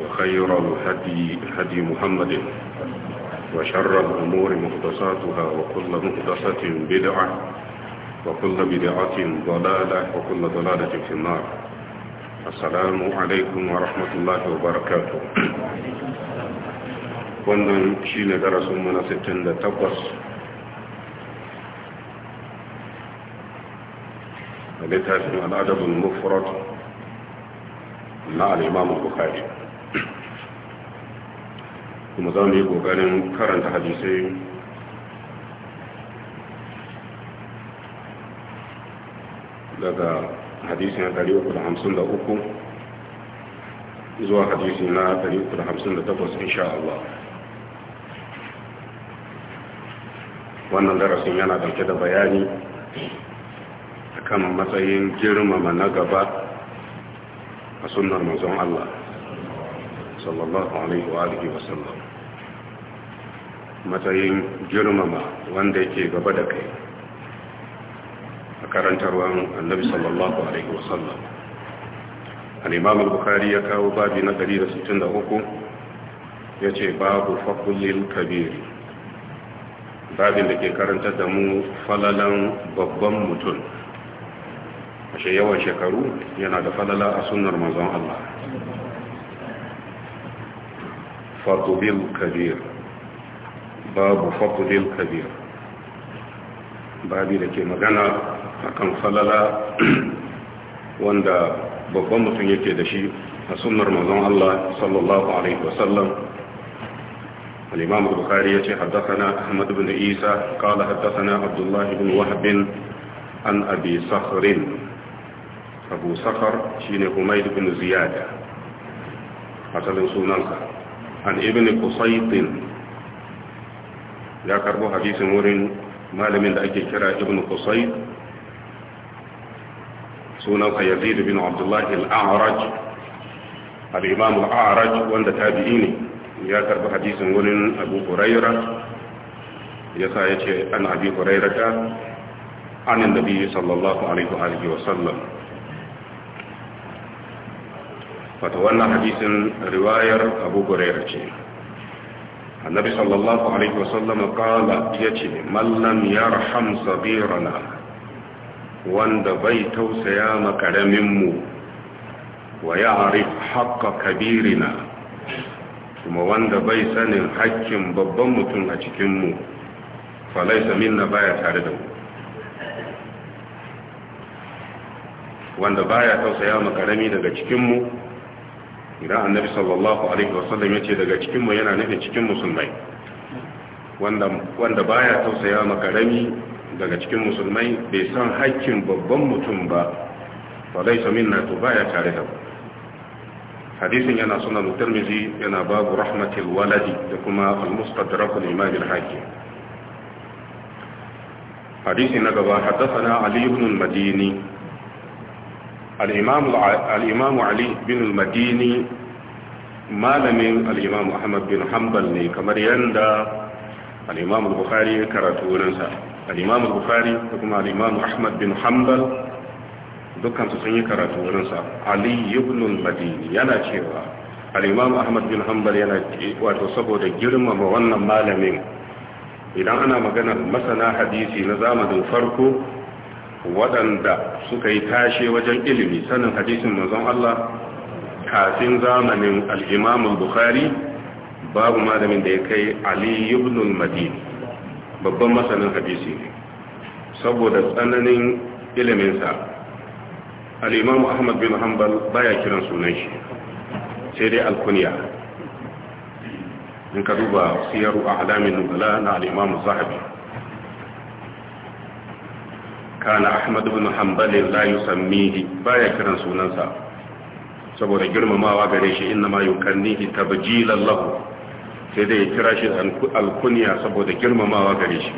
وخير الهدي هدي محمد وشر الأمور مهدساتها وكل مهدسة بدعة وكل بدعة ضلالة وكل ضلالة في النار السلام عليكم ورحمة الله وبركاته كنا shi ne من ستين لتبص da littafin al'adabin mufrat na al'imamun kuma za mu yi ƙoƙarin karanta hadisai daga hadisi na 353 zuwa hadisi na 358 insha Allah wannan darasin yana dauke da bayani kan matsayin girmama na gaba a sunan manzon Allah sallallahu الله wa وآله wa sallam matsayin girmama wanda yake gaba da kai a karantarwar annabi sallallahu alaihi wa sallam al-imam al-bukhari ya kawo babi na 163 yace babu faqulil kabir babin da ke karantar da mu falalan babban mutum ashe yawan shekaru yana da falala a sunnar manzon Allah فضل الكبير باب فضل الكبير babi ke magana akan falala wanda babban mutum yake da shi a sunnar mazan Allah sallallahu alaihi wasallam al-imam al-bukhari yace haddathana ahmad ibn isa qala haddathana abdullah ibn wahb an abi sakhr abu sakhr shine humayd ibn ziyad asalin sunansa an ibn qusaytin ya karbo hadisin wurin malamin da ake kira ibn qusayt sunansa yazid bin abdullahi al-a'raj al-imam al-a'raj wanda tabi'i ne ya karbi hadisin wurin abu huraira yasa yace an abi hurairata an annabi sallallahu alaihi wa sallam fata wannan hadisin riwayar abu hurairah ce annabi sallallahu alaihi wasallam kala yace man lam yarham sabirana wanda bai tausaya ma wa ya wa ya'rif haqqa kabirina kuma wanda bai sanin haƙƙin babban mutum a cikinmu, mu falaisa minna baya tare da mu wanda baya tausaya ma daga cikinmu. idan annabi sallallahu alaihi wasallam ya ce daga cikinmu yana nufin cikin musulmai wanda baya tausaya makarami daga cikin musulmai bai san haƙƙin babban mutum ba fa laysa minna to baya tare da hadisin yana sunan tirmizi yana babu rahmatil waladi da kuma al-mustadrak al-imam al-hakim hadisi na gaba haddathana ali ibn al-madini al'imamu ali bin al-madini malamin al'imamu ahmad bin hanbal ne kamar yadda al'imamu bukhari ya karatu wurinsa al'imamu bukhari da al'imamu ahmad bin hanbal dukansu sun yi karatu wurinsa ali ibn madini yana cewa al'imamu ahmad bin hanbal yana wato saboda girmama wannan malamin idan ana maganar masana hadisi na zamanin farko waɗanda suka yi tashe wajen ilimi sanin hadisin mazan Allah kafin zamanin al bukhari babu malamin da ya kai Ali ibn al babban masanin hadisi ne saboda tsananin iliminsa al-Imam Ahmad bin Hanbal baya kiran sunan shi sai dai alkuniya. in ka duba siyaru a'lamin nubala na al Zahabi kana ahmad ibn hanbal la yusammihi baya kiran sunansa saboda girmamawa gare shi inna ma yukannihi tabjilan lahu sai dai kira shi alkunya saboda girmamawa gare shi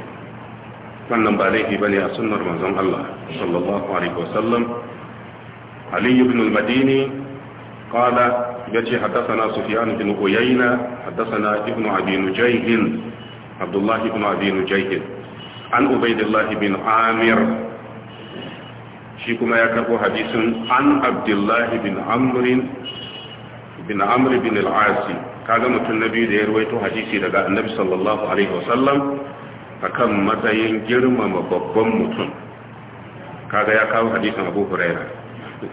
wannan ba laifi bane a sunnar manzon Allah sallallahu alaihi wasallam ali ibn al-madini qala yace haddathana sufyan ibn uyayna haddathana ibn abi nujayd abdullah ibn abi nujayd an ubaydillah bin amir shi kuma ya karbo hadisin an abdullahi bin amrin bin amr bin al-asi kaga mutum nabi da ya ruwaito hadisi daga annabi sallallahu alaihi wasallam akan matsayin girmama babban mutum kaga ya kawo hadisin abu huraira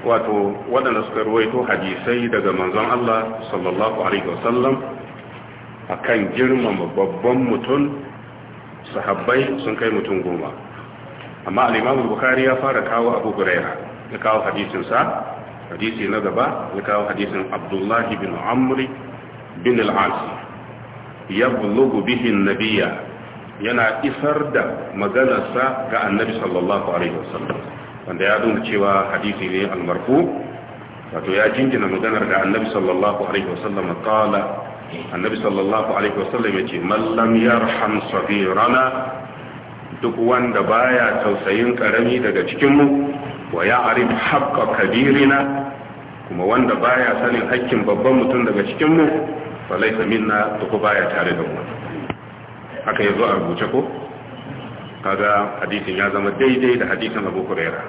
wato waɗanda suka ruwaito hadisai daga manzon Allah sallallahu alaihi wasallam akan girmama babban mutum sahabbai sun kai mutum goma amma al-Imam Bukhari ya fara kawo Abu Huraira ya kawo hadisinsa hadisi na gaba ya kawo hadisin abdullahi bin Amr bin al ya yablughu bihi an-nabiyya yana isar da maganarsa ga Annabi sallallahu alaihi wasallam wanda ya nuna cewa hadisi ne al-marfu wato ya jingina maganar da Annabi sallallahu alaihi wasallam qala Annabi sallallahu alaihi wasallam yace man lam yarham sabirana duk wanda baya tausayin karami daga cikinmu wa ya ya'rif haqqa kabirina kuma wanda baya sanin hakkin babban mutum daga cikinmu falaita minna duk baya tare da mu haka yazo a rubuce ko kaga hadisin ya zama daidai da hadisin Abu Huraira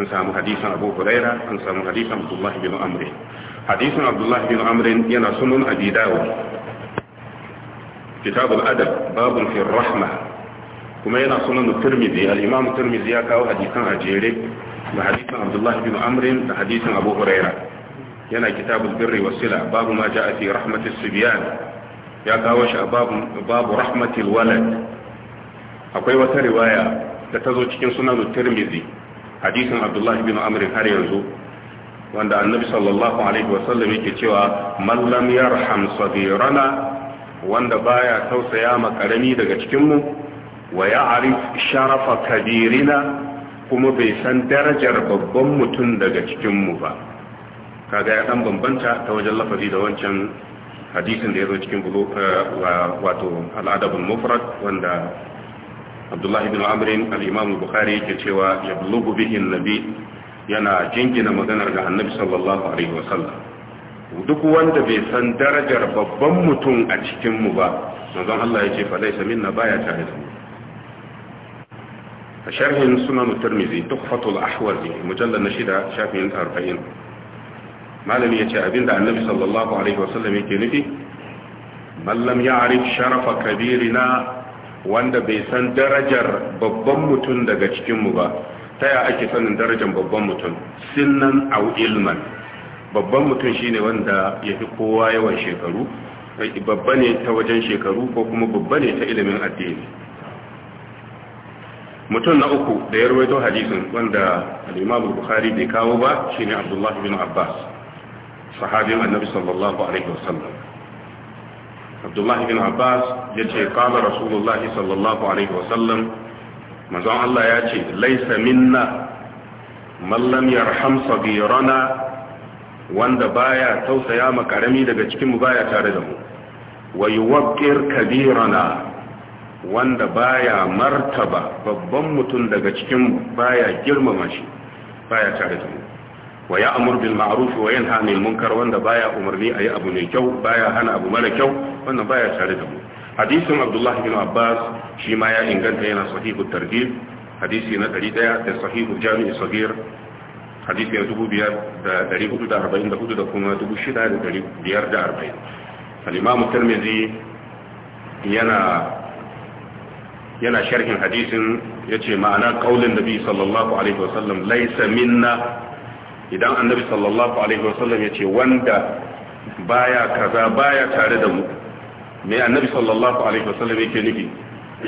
an samu hadisin Abu Huraira an samu hadisin Abdullah bin Amr hadisin Abdullah bin Amr yana sunan Abi Dawud kitabul adab babun fi rahmah kuma yana sunan turmizi al-imam turmizi ya kawo hadisan a jere da hadisan abdullah bin amrin da hadisan abu huraira yana kitabul birri wasila babu ma a fi rahmatin subyan ya kawo shi a babu rahmatin walad akwai wata riwaya da ta zo cikin sunan turmizi hadisan abdullah bin amrin har yanzu wanda annabi sallallahu alaihi wasallam yake cewa mallam lam yarham sadirana wanda baya tausaya ma karami daga cikinmu. wa ya'rif sharafa kabirina kuma bai san darajar babban mutum daga cikinmu ba kaga ya dan bambanta ta wajen lafazi da wancan hadisin da ya zo cikin eh, wato al'adabul mufrad wanda abdullahi bin amrin al'imamu bukari yake cewa ya bulugu bihin nabi yana jingina maganar ga annabi sallallahu alaihi wasallam duk wanda bai san darajar babban mutum a cikinmu ba manzon Allah ya ce fa laisa minna baya tare da mu a sharhin sunan turmizi tukfatul ahwazi mujallal na shida shafin arba'in malami ya ce abinda annabi sallallahu alaihi wasallam yake nufi mallam ya arif sharafa kabirina wanda bai san darajar babban mutum daga cikinmu ba ta ya ake sanin darajar babban mutum sinnan au ilman babban mutum shine wanda ya fi kowa yawan shekaru babba ne ta wajen shekaru ko kuma babba ne ta ilimin addini mutum na uku da ya rawaito hadisin wanda al-Imam Bukhari bai kawo ba shine Abdullah ibn Abbas sahabin Annabi sallallahu alaihi wasallam Abdullah ibn Abbas yace qala Rasulullahi sallallahu alaihi wasallam manzon Allah ya ce laisa minna man lam yarham sabirana wanda baya tausaya ma karami daga cikin mu baya tare da mu wa yuwaqqir kabirana wanda baya martaba babban mutum daga cikin baya girmama shi baya tare da mu wa ya'mur bil ma'ruf wa yanha 'anil munkar wanda baya umarni ayi abu mai kyau baya hana abu mara kyau wannan baya tare da mu hadisin Abdullah bin Abbas shi ma ya inganta yana Sahihu targhib hadisi na 100 da Sahihu jami' saghir hadisi na 2444 da da kuma 6540 al-imam Tirmidhi yana yana sharhin hadisin ya ce ma'ana kaulin nabi sallallahu alaihi wasallam laysa minna idan annabi sallallahu alaihi wasallam ce wanda baya kaza baya tare da mu me annabi sallallahu alaihi wasallam yake nufi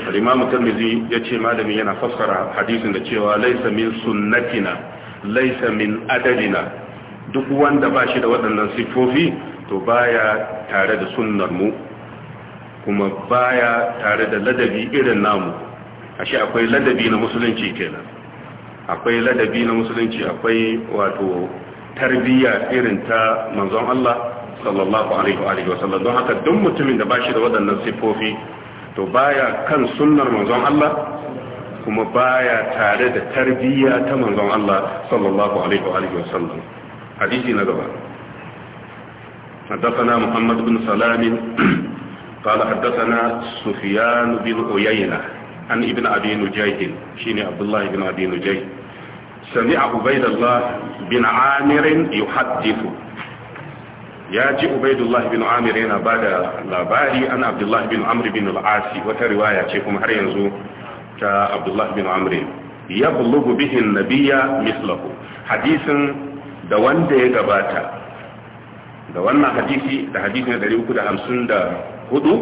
al-imam tirmidhi ce malami yana fassara hadisin da cewa laysa min sunnatina laysa min adalina duk wanda ba shi da waɗannan sifofi to baya tare da sunnar mu kuma baya tare da ladabi irin namu ashe akwai ladabi na musulunci kenan akwai ladabi na musulunci akwai wato tarbiyya irin ta manzon Allah sallallahu alaihi wa sallam don haka duk mutumin da bashi da waɗannan sifofi to baya kan sunnar manzon Allah kuma baya tare da tarbiyya ta manzon Allah sallallahu alaihi wa sallam hadisi na gaba حدثنا محمد بن سلام قال حدثنا سفيان بن عيينة عن ابن أبي نجيه شين عبد الله بن أبي نجيه سمع عبيد الله بن عامر يحدث ya ji ubaidullahi bin amir yana ba da labari an abdullahi bin amr bin al'asi wata riwaya ce kuma har yanzu ta abdullahi bin amr ya bulugu bihin nabiya mislahu hadisin da wanda ya gabata da wannan hadisi da hadisin da hudu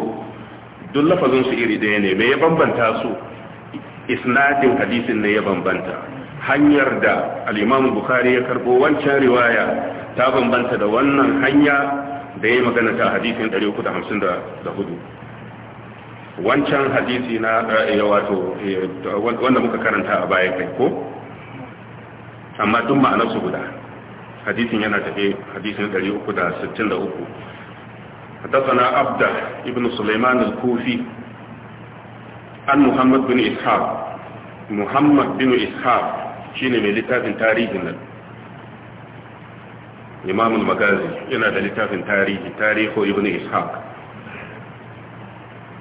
duk lafazin su iri ɗaya ne me ya bambanta su isnadin hadisin ne ya bambanta hanyar da al-Imam Bukhari ya karbo wancan riwaya ta bambanta da wannan hanya da ya magana ta hadisin 354 wancan hadisi na eh, wato eh, wanda muka karanta a baya kai ko amma duk ma'anarsu su guda hadisin yana tafe hadisin 363 حدثنا عبده ابن سليمان الكوفي عن محمد بن إسحاق محمد بن إسحاق شين من لتاف تاريخنا إمام المغازي ينا لتاف تاريخ تاريخ ابن إسحاق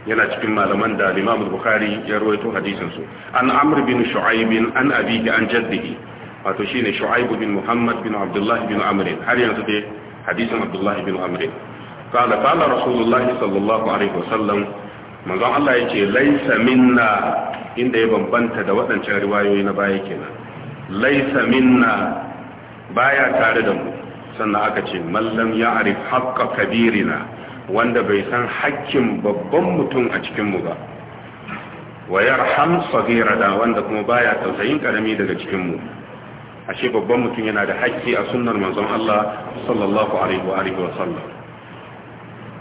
yana cikin malaman da Imam Bukhari ya rawaito hadisin su an Amr bin Shu'aib an abihi an jaddihi wato shine Shu'aib bin Muhammad bin Abdullah bin Amr har yanzu dai hadisin Abdullah bin Amr قال قال رسول الله صلى الله manzon Allah ya ce laisa minna inda ya bambanta da waɗancan riwayoyi na baya kenan laisa minna baya tare da mu sannan aka ce mallam ya arif haƙƙa kabirina wanda bai san haƙƙin babban mutum a cikinmu ba wa yarham da wanda kuma baya tausayin karami daga cikinmu ashe babban mutum yana da haƙƙi a sunnar manzon Allah sallallahu alaihi wa sallam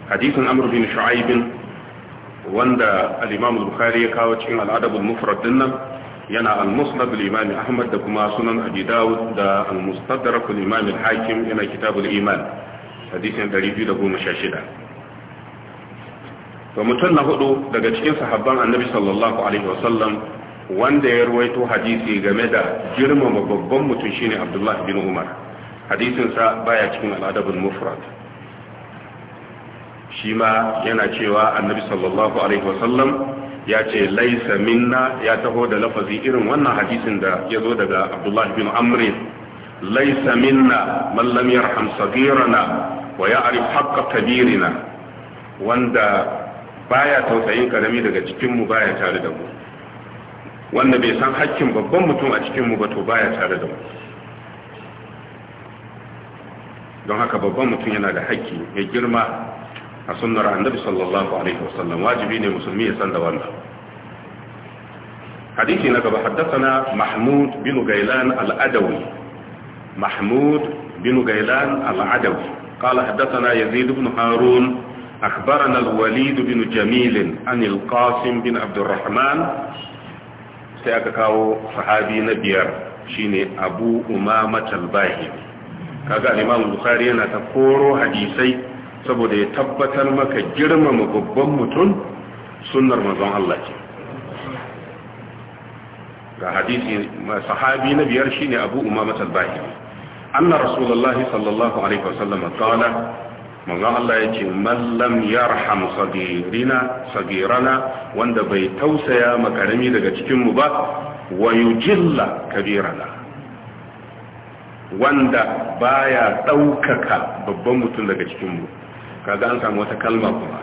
hadisin amr bin shu'aib wanda al-imam al-bukhari ya kawo cikin al-adab al-mufrad dinnan yana al-musnad al-imam ahmad da kuma sunan abi dawud da al-mustadrak al-imam al-hakim yana kitab al-iman hadisin 216 to mutum na hudu daga cikin sahabban annabi sallallahu alaihi wasallam wanda ya ruwaito hadisi game da girmama babban mutum shine abdullahi bin umar hadisinsa baya cikin al'adabul mufrad shi ma yana cewa annabi sallallahu alaihi wasallam ya ce laisa minna ya taho da lafazi irin wannan hadisin da ya zo daga abdullahi bin amrin laisa minna man lam yarham sagirana wa ya'rif haqqa kabirina wanda baya tausayin karami daga cikin mu baya tare da mu wanda bai san hakkin babban mutum a cikin mu ba to baya tare da mu don haka babban mutum yana da hakki ya girma a sunnar annabi sallallahu alaihi wasallam wajibi ne musulmi ya san da wannan hadisi na gaba haddathana mahmud bin gailan al-adawi mahmud bin gailan al-adawi قال حدثنا يزيد بن هارون أخبرنا الوليد بن جميل عن القاسم بن عبد الرحمن سيأكاو صحابي نبيار شيني أبو أمامة الباهي كذا الإمام البخاري أنا تقول حديثي saboda ya tabbatar maka girmama babban mutum sunnar manzon Allah ce ga hadisi sahabi na biyar shine Abu Umama al anna rasulullahi sallallahu alaihi wasallam qala manzon Allah ya ce Mallam lam yarham sagirina sagirana wanda bai tausaya makarami daga cikin mu ba wa kabirana wanda baya ɗaukaka babban mutum daga cikinmu kaga an samu wata kalma kuma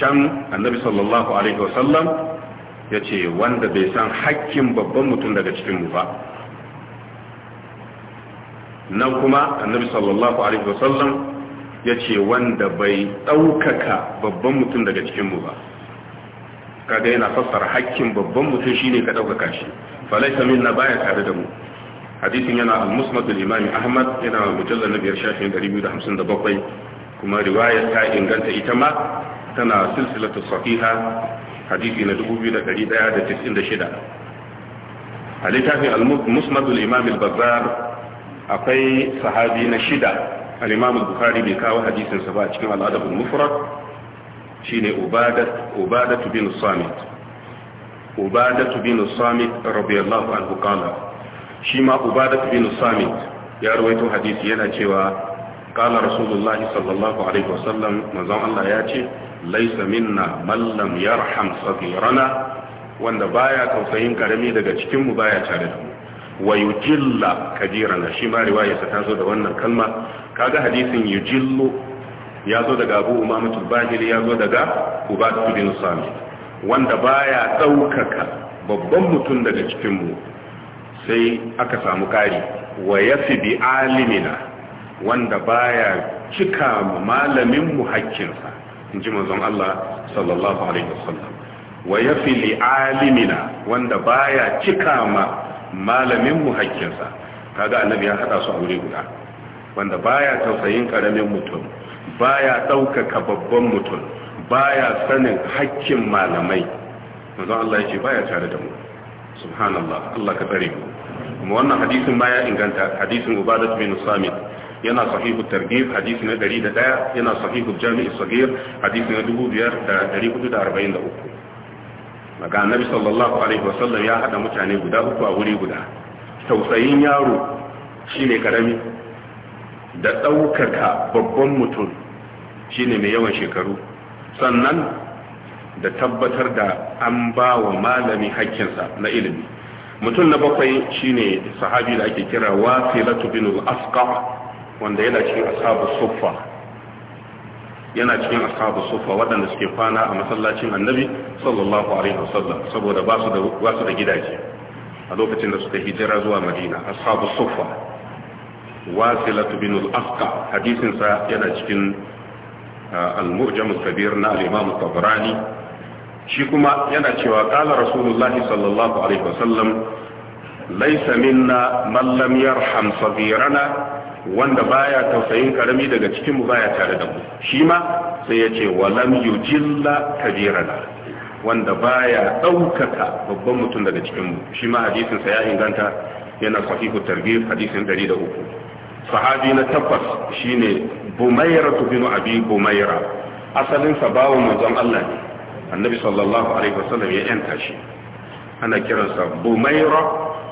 can annabi sallallahu alaihi wasallam ya ce wanda bai san hakkin babban mutum daga cikinmu ba nan kuma annabi sallallahu alaihi wasallam ya ce wanda bai ɗaukaka babban mutum daga cikinmu ba kaga yana fassara hakkin babban mutum shi ne ka ɗaukaka shi falaita na baya tare da mu hadisin yana al-musnad al-imam ahmad yana mujallal na biyar shafin 257 kuma riwayar ta inganta ita ma tana silsilatu sahiha hadisi na 2196 a littafin al-musnad al-imam al-bazzar akwai sahabi na shida al-imam al-bukhari bai kawo hadisin sa ba a cikin al-adab al-mufrad shine ubadat ubadat bin samit ubadat bin samit radiyallahu anhu qala shi ma ubadat bin samit ya rawaito hadisi yana cewa kala الله sallallahu alaihi wasallam manzon Allah ya ce laisa minna man lam yarham saghirana wanda baya tausayin karami daga cikin mu baya tare da mu wa yujilla kabirana shi روايه ta zo da wannan kalma kaga hadisin yujillu yazo zo daga Abu Umama al-Bahili ya daga Ubad bin Samit wanda baya daukaka babban mutum daga cikin mu sai aka samu kari wa yafi bi alimina wanda baya cika ma malamin mu hakkinsa in ji manzon Allah sallallahu alaihi wasallam wa yafi li alimina wanda baya cika ma malamin mu hakkinsa kaga annabi ya hada su wuri guda wanda baya tausayin karamin mutum baya daukaka babban mutum baya sanin hakkin malamai manzon Allah yake baya tare da mu subhanallah Allah ka tsare mu kuma wannan hadisin baya inganta hadisin ubadat bin samit yana sahihu targhib hadisi na 101 yana sahihu jami'i sagir hadisi na 2443 daga annabi sallallahu alaihi wasallam ya hada mutane guda uku a wuri guda tausayin yaro shine karami da daukaka babban mutum shine mai yawan shekaru sannan da tabbatar da an bawa malami hakkinsa na ilimi mutum na bakwai shine sahabi da ake kira wasilatu bin al-asqa wanda yana cikin ashabu suffa yana cikin ashabu suffa waɗanda suke kwana a masallacin annabi sallallahu alaihi wasallam saboda ba su da ba su da gidaje a lokacin da suka hijira zuwa madina ashabu suffa wasilatu bin al-asqa hadisin sa yana cikin uh, al-mu'jam al-kabir na al-imam al-tabrani shi kuma yana cewa qala rasulullahi sallallahu alaihi wasallam laysa minna man lam yarham saghirana wanda baya tausayin karami daga cikin mu baya tare da mu shi ma sai ya ce walam yujilla kabirana wanda baya ɗaukaka babban mutum daga cikin mu shi ma hadisin sa ya inganta yana sahihu targhib hadisin 103 sahabi na tabbas shine bumayra bin abi bumayra asalin sa bawo manzon Allah ne annabi sallallahu alaihi wasallam ya yanta shi ana kiransa bumaira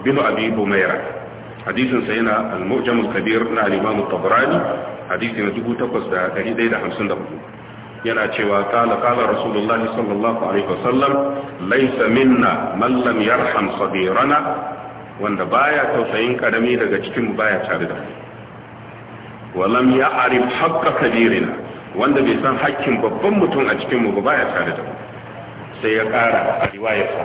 bin abi bumayra hadisin sa yana al-mu'jam al-kabir na al-imam at-tabrani hadisi na 8154 yana cewa qala qala rasulullah sallallahu alaihi wasallam laysa minna man lam yarham sabirana wanda baya tausayin karami daga cikin baya tare da mu wa lam ya'rif haqqa kabirina wanda bai san haƙƙin babban mutum a cikin mu ba baya tare da mu sai ya kara a riwayarsa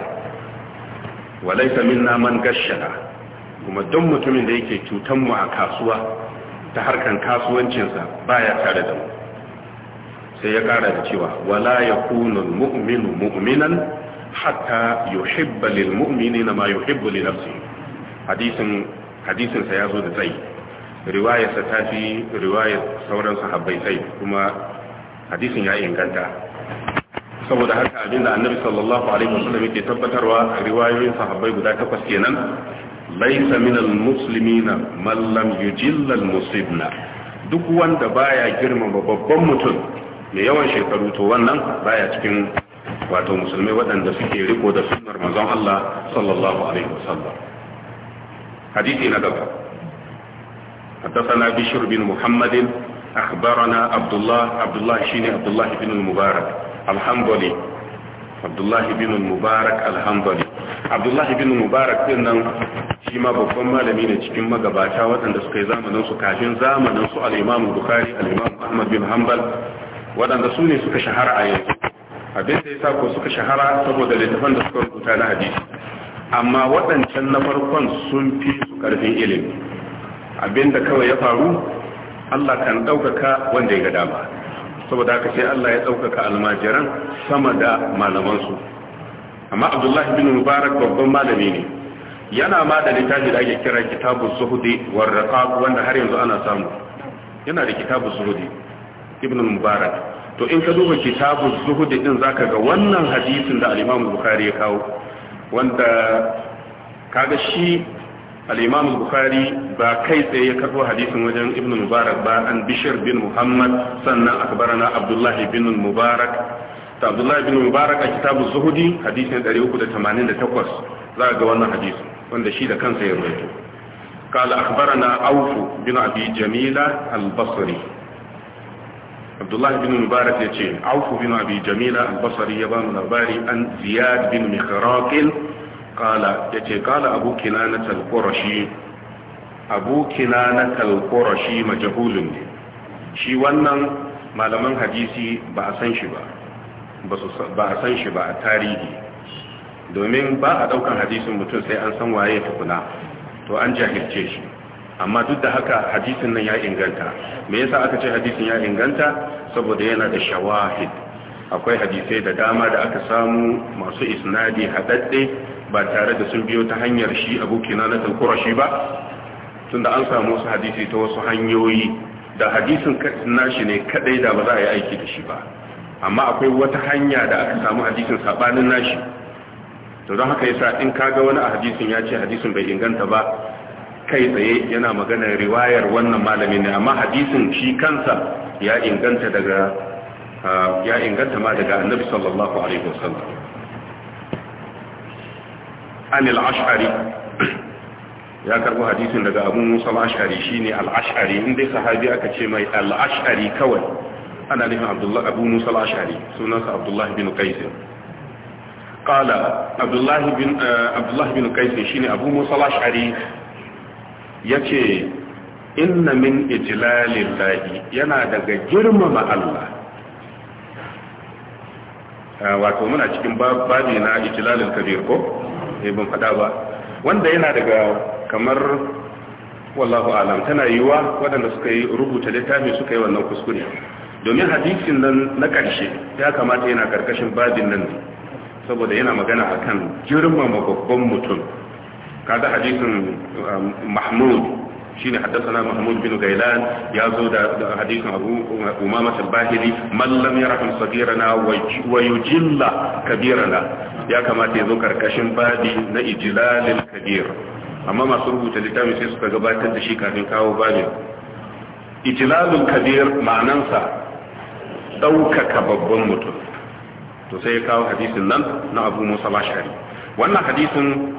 wa laysa minna man gashshana kuma don mutumin da yake cutanmu a kasuwa ta harkar kasuwancinsa baya tare da mu sai ya kara da cewa wala yakunu almu'minu mu'minan hatta yuhibba lilmu'minina ma yuhibbu li nafsihi hadisin hadisin sa yazo da tsayi riwayar sa tafi riwayar sauran sahabbai tsayi kuma hadisin ya inganta saboda haka abinda annabi sallallahu alaihi wasallam yake tabbatarwa riwayoyin sahabbai guda takwas kenan laisa minal muslimina man lam yujilla musibna duk wanda baya girmama babban mutum mai yawan shekaru to wannan baya cikin wato musulmai wadanda suke riko da sunnar manzon Allah sallallahu alaihi wasallam hadisi na gaba حدثنا بشر بن محمد أخبرنا عبد الله عبد الله شيني عبد الله بن المبارك الحنبلي عبد الله بن المبارك الحنبلي عبد الله بن المبارك shi ma babban malami ne cikin magabata waɗanda suka yi zamaninsu kafin zamanin su al-Imam Bukhari al-Imam Ahmad bin Hanbal waɗanda su ne suka shahara a yanzu abin da yasa ko suka shahara saboda littafan da suka rubuta na hadisi amma waɗancan na farkon sun fi su ƙarfin ilimi abinda kawai ya faru Allah kan ɗaukaka wanda ya ga dama saboda haka sai Allah ya ɗaukaka almajiran sama da malamansu amma Abdullahi bin Mubarak babban malami ne yana ma da littafi da ake kira kitabun zuhudi warraqaq wanda har yanzu ana samu yana da kitabun zuhudi ibn mubarak to in ka duba kitabun zuhudi din zaka ga wannan hadisin da al-imam bukhari ya kawo wanda kaga shi al-imam bukhari ba kai tsaye ya karbo hadisin wajen ibn mubarak ba an bishr bin muhammad sannan akbarana abdullahi bin mubarak ta abdullahi bin mubarak a kitabun zuhudi hadisin 388 za ga wannan hadisi wanda shi da kansa ya rawaito قال أخبرنا أوف بن أبي جميلة البصري عبد الله بن مبارك يتي عوف بن أبي جميلة البصري يبان الأباري أن زياد بن مخراقل قال يتي قال أبو كنانة القرشي أبو كنانة القرشي مجهول شي wannan malaman hadisi ba a san shi ba ba a san shi ba a tarihi domin ba a daukan hadisin mutum sai an san waye kula to an jahilce shi amma duk da haka hadisin nan ya inganta me yasa aka ce hadisin ya inganta saboda yana da shawahid akwai hadisai da dama da aka samu masu isnadi hadadde ba tare da sun biyo ta hanyar shi abu kinana al-qurashi ba tunda an samu su hadisi ta wasu hanyoyi da hadisin nashi ne kadai da ba za a yi aiki da shi ba amma akwai wata hanya da aka samu hadisin sabanin nashi to don haka yasa in kaga wani a hadisin ya ce hadisin bai inganta ba kai tsaye yana magana riwayar wannan malami ne amma hadisin shi kansa ya inganta daga ya inganta ma daga annabi sallallahu alaihi wasallam an al-ash'ari ya karbo hadisin daga abu musa al-ash'ari shine al-ash'ari inda sahabi aka ce mai al-ash'ari kawai ana nufin abdullahi abu musa al-ash'ari sunansa abdullahi bin qais qala abdullahi bin abdullahi bin qais shine abu musa al-ash'ari yace inna min ijlalillahi yana daga girmama Allah wato muna cikin babi na ijlalil kabir ko eh ban fada ba wanda yana daga kamar wallahu alam tana yiwa waɗanda suka yi rubuta littafi suka yi wannan kuskure domin hadisin nan na ƙarshe ya kamata yana karkashin babin nan saboda yana magana akan girmama babban mutum kada hadisin um, mahmud haddasa na mahmud bin gailan ya zo da hadisin abu umama al-bahili man lam yarham sagirana wa kabirana ya kamata ya zo karkashin babi na ijilalin kabir amma masu rubuta littafin sai suka gabatar da shi kafin kawo babin ijilalin kabir ma'anansa ɗaukaka babban mutum to sai ya kawo hadisin nan na abu musa lashari wannan hadisin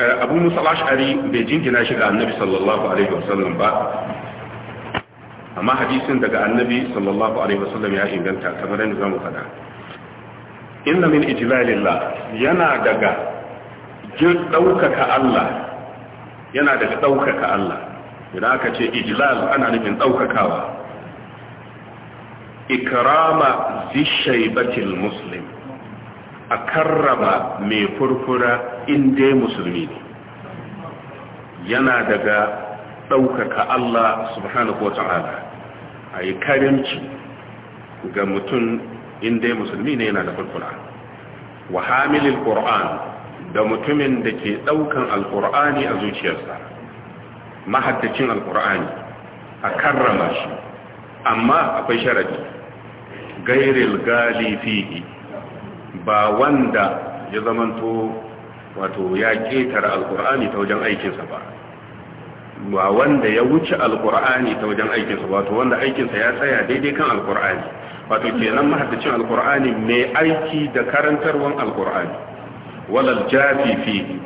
eh, abu musa lashari bai jingina shi ga annabi sallallahu alaihi wasallam ba amma hadisin daga annabi sallallahu alaihi wasallam ya inganta kamar yadda zamu faɗa inna min ijlalillah yana daga ɗaukaka Allah yana daga ɗaukaka Allah idan aka ce ijlal ana nufin ɗaukakawa ikrama zishaibatil muslim a karrama mai furfura inda musulmi ne yana daga ɗaukaka Allah subhanahu wa ta'ala a karimci ga mutum inda musulmi ne yana da furfura wa hamilin ƙor'an da mutumin da ke ɗaukan alƙur'ani a zuciyarsa mahaddacin alƙur'ani a karrama shi amma akwai sharadi gairil gali fihi ba wanda ya zamanto wato ya ketara alkur'ani ta wajen aikinsa ba ba wanda ya wuce alkur'ani ta wajen aikinsa wato wanda aikinsa ya tsaya daidai kan alkur'ani wato kenan mahaddacin alkur'ani mai aiki da karantarwan alkur'ani walal jafi fihi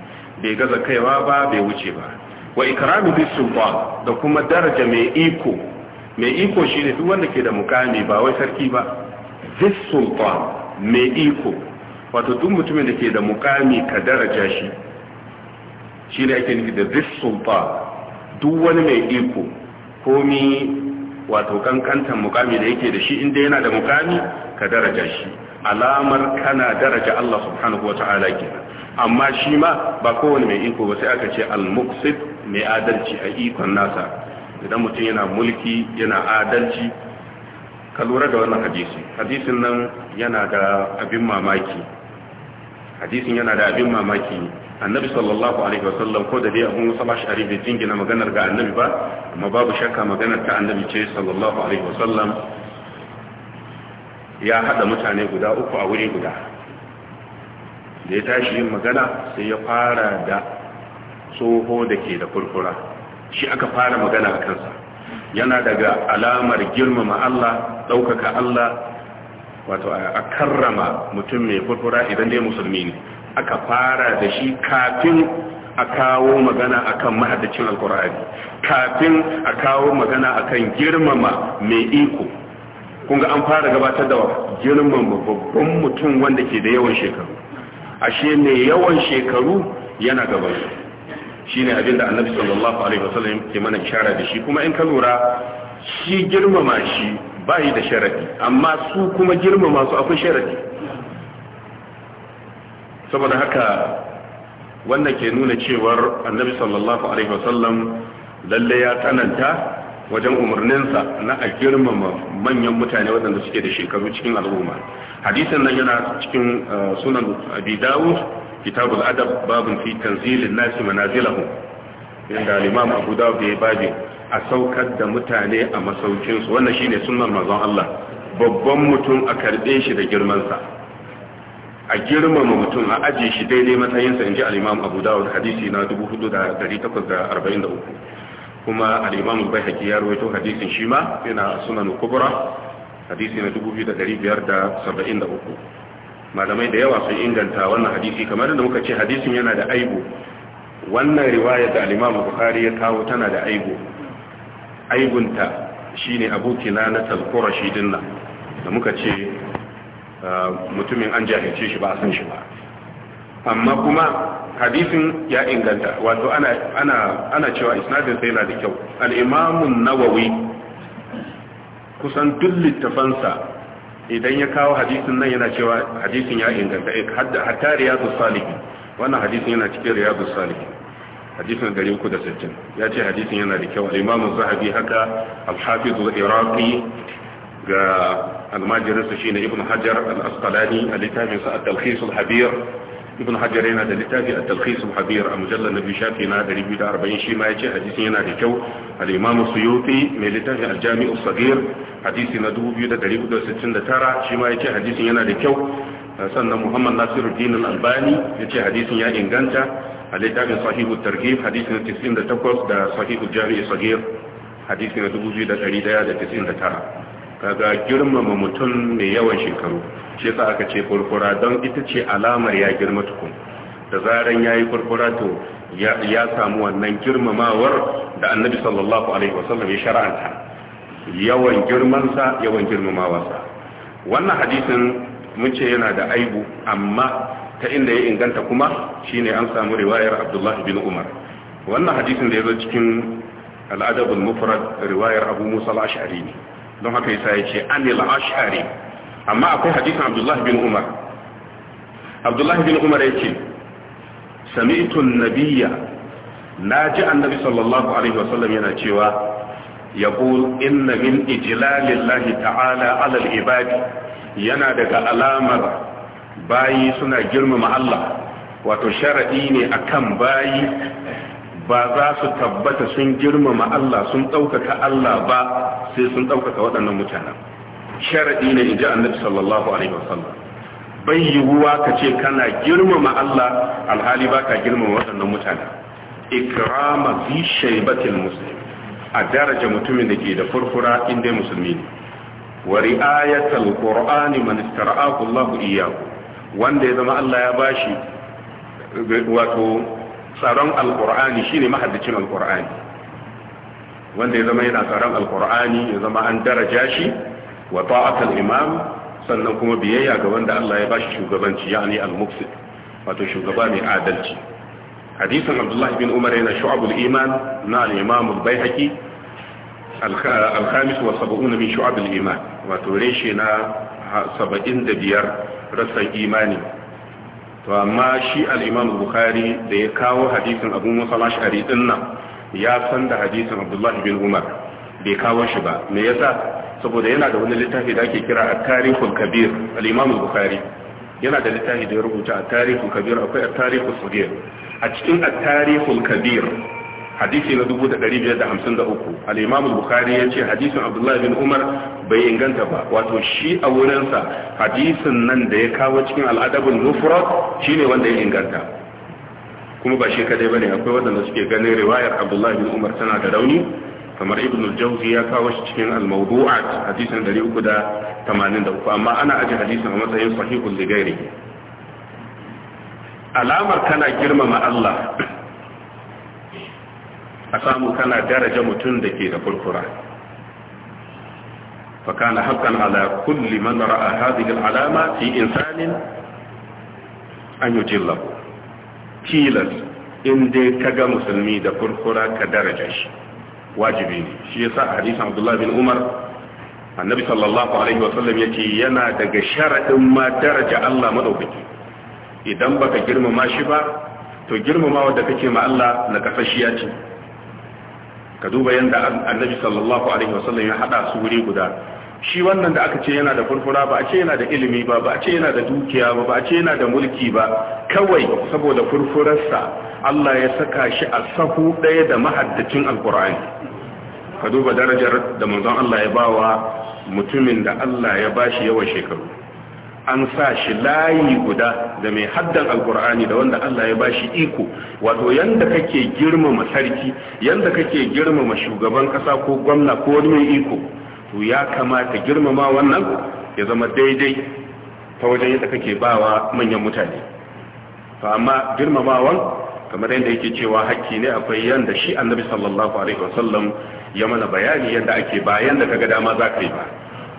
bai gaza kaiwa ba bai wuce ba wa ikrami bis da kuma daraja mai iko mai iko shine duk wanda ke da mukami ba wai sarki ba zis sultan mai iko wato duk mutumin da ke da mukami ka daraja shi shi ne ake nufi da zis sultan duk wani mai iko komi wato kankantan mukami da yake da shi inda yana da mukami ka daraja shi alamar kana daraja Allah subhanahu wa ta'ala ke amma shi ma ba kowane mai iko ba sai aka ce al-muqsit mai adalci a ikon nasa idan mutum yana mulki yana adalci ka lura da wannan hadisi hadisin nan yana da abin mamaki hadisin yana da abin mamaki annabi sallallahu alaihi wa sallam, ko da dai abun musa bai jingina maganar ga annabi ba amma babu shakka maganar ta annabi ce sallallahu alaihi wa sallam. ya hada mutane guda uku a wuri guda da ya tashi yin magana sai ya fara da tsoho da ke da kurkura shi aka fara magana a kansa yana daga alamar girmama Allah ɗaukaka Allah wato a karrama mutum mai furfura idan dai musulmi ne aka fara da shi kafin a kawo magana akan mahaddacin alkur'ani kafin a kawo magana akan girmama mai iko kunga an fara gabatar da girmama babban mutum wanda ke da yawan shekaru ashe mai yawan shekaru yana gaban shi ne abin da annabi sallallahu alaihi wasallam ke mana shara da shi kuma in ka lura shi girmama shi ba yi da sharadi amma su kuma girmama su akwai sharadi saboda haka wannan ke nuna cewar annabi sallallahu alaihi wasallam lalle ya tsananta wajen umarninsa na a girmama manyan mutane waɗanda suke da shekaru cikin al'umma hadisin nan yana cikin uh, sunan abi dawud kitabul adab babun fi tanzilin nasi manazilahum inda al-imam abu dawud ya babu a saukar da mutane a masaukinsu wannan shine sunan mazan Allah babban mutum a karbe shi da girmansa a girmama mutum a aji shi daidai matsayinsa in ji al'imam abu dawud hadisi na 4843 kuma al'imam albai haƙi ya rawaito hadisin shi ma yana sunan kubra hadisi na 2573 malamai da yawa sun inganta wannan hadisi kamar da muka ce hadisin yana da aibu wannan riwayar da al'imam bukhari ya kawo tana da aibu aibunta shi shine na kinana shi dinna da muka ce ah, mutumin an jahilce shi ba a san shi ba amma kuma hadisin ya inganta wato ana cewa isnadin sai yana da kyau al'imamun nawawi kusan duk littafansa idan ya kawo hadisin nan yana cewa hadisin ya inganta eh, hatta riyadus salihi wannan hadisin yana cikin riyadus salihi hadisin 360 ya ce hadisin yana da kyau al zahabi haka al-hafiz al-iraqi ga almajirinsa shine ibn hajar al-asqalani a littafin sa at-talkhis ibn hajar yana da littafi at-talkhis al a mujallar nabi shafi na 240 shi ma yace hadisin yana da kyau al-imam suyuti mai littafin al-jami' al-saghir hadisi na 2469 shi ma yace hadisin yana da kyau sannan muhammad Nasiru al-albani yace hadisin ya inganta a littafin sahihu targhib hadisi na 98 da sahihu jami'i sahih hadisi na 2199 kaga girmama mutum mai yawan shekaru shi yasa aka ce kurkura don ita ce alamar ya girma tukun da zaran yi kurkura to ya samu wannan girmamawar da annabi sallallahu alaihi wasallam ya shara'anta. yawan girmansa yawan girmamawarsa wannan hadisin mun ce yana da aibu amma ta inda ya inganta kuma shine an samu riwayar abdullah bin umar wannan hadisin da ya zo cikin al'adabul mufrad riwayar abu musa al-ash'ari ne don haka yasa yace anil ash'ari amma akwai hadisin abdullah bin umar abdullah bin umar yace sami'tu an-nabiyya naji annabi sallallahu alaihi wasallam yana cewa yaqul inna min ijlalillahi ta'ala 'ala al-ibadi yana daga alamar bayi suna girmama Allah wato sharadi ne akan bayi ba za su tabbata sun girmama Allah sun ɗaukaka Allah ba sai sun ɗaukaka waɗannan mutanen sharaɗi ne in ji annabi sallallahu alaihi wasallam bai yiwuwa ka ce kana girmama Allah alhali ba ka girmama waɗannan mutanen ikrama zi shaibatil muslim a daraja mutumin da ke da furfura inda musulmi ne wa ri'ayatul qur'ani man istara'ahu Allah iyyahu wanda ya zama Allah ya bashi wato tsaron alkur'ani shine mahaddicin alkur'ani wanda ya zama yana tsaron alkur'ani ya zama an daraja shi wa ta'atul imam sannan kuma biyayya ga wanda Allah ya bashi shugabanci yani al-muqsid wato shugaba mai adalci hadisin Abdullahi bin Umar yana shu'abul iman na al-imam al-Baihaqi al-khamis wa sab'una min shu'abil iman wato reshe na saba'in da biyar rassan imani to amma shi al'imam bukhari da ya kawo hadisin abu musa mashari din nan ya san da hadisin abdullahi bin umar bai kawo shi ba me yasa saboda yana da wani littafi da ake kira a tarihul kabir al'imam bukhari yana da littafi da ya rubuta a tarihul kabir akwai a a cikin a tarihul kabir hadisi na 1553 al-imam al-bukhari yace hadisin abdullahi bin umar bai inganta ba wato shi a wurinsa hadisin nan da ya kawo cikin al'adabul shi shine wanda ya inganta kuma ba shi kadai ne akwai wanda suke ganin riwayar abdullahi bin umar tana da rauni kamar ibn al-jawzi ya kawo shi cikin al-mawdu'at hadisin 383 amma ana aje hadisin a matsayin sahihul ligairi alamar kana girmama Allah a samu kana daraja mutum da ke da kurkura فكان حقا على كل من رأى هذه العلامة في إنسان أن يجله tilas in dai ka ga musulmi da kurkura ka daraja shi wajibi ne shi ya sa hadisan abdullahi bin umar annabi sallallahu alaihi wasallam ya ce yana daga sharaɗin ma daraja allah maɗaukaki idan baka girmama shi ba to girmama wadda kake ma allah na kasashiya ce ka duba yadda annabi sallallahu alaihi wasallam ya hada su wuri guda shi wannan da aka ce yana da furfura ba a ce yana da ilimi ba ba a ce yana da dukiya ba ba a ce yana da mulki ba kawai saboda furfurarsa Allah ya saka shi a sahu ɗaya da mahaddacin alkur'ani ka duba darajar da manzon Allah ya bawa mutumin da Allah ya bashi yawan shekaru an sa shi layi guda da mai haddan alkur'ani da wanda Allah ya bashi iko wato yanda kake girmama sarki yanda kake girmama shugaban kasa ko gwamna ko wani mai iko to ya kamata girmama wannan ya zama daidai ta wajen yadda kake bawa manyan mutane to amma girmamawan kamar yadda yake cewa hakki ne akwai yanda shi annabi sallallahu alaihi wasallam ya mana bayani yadda ake ba yanda kaga dama za ka yi ba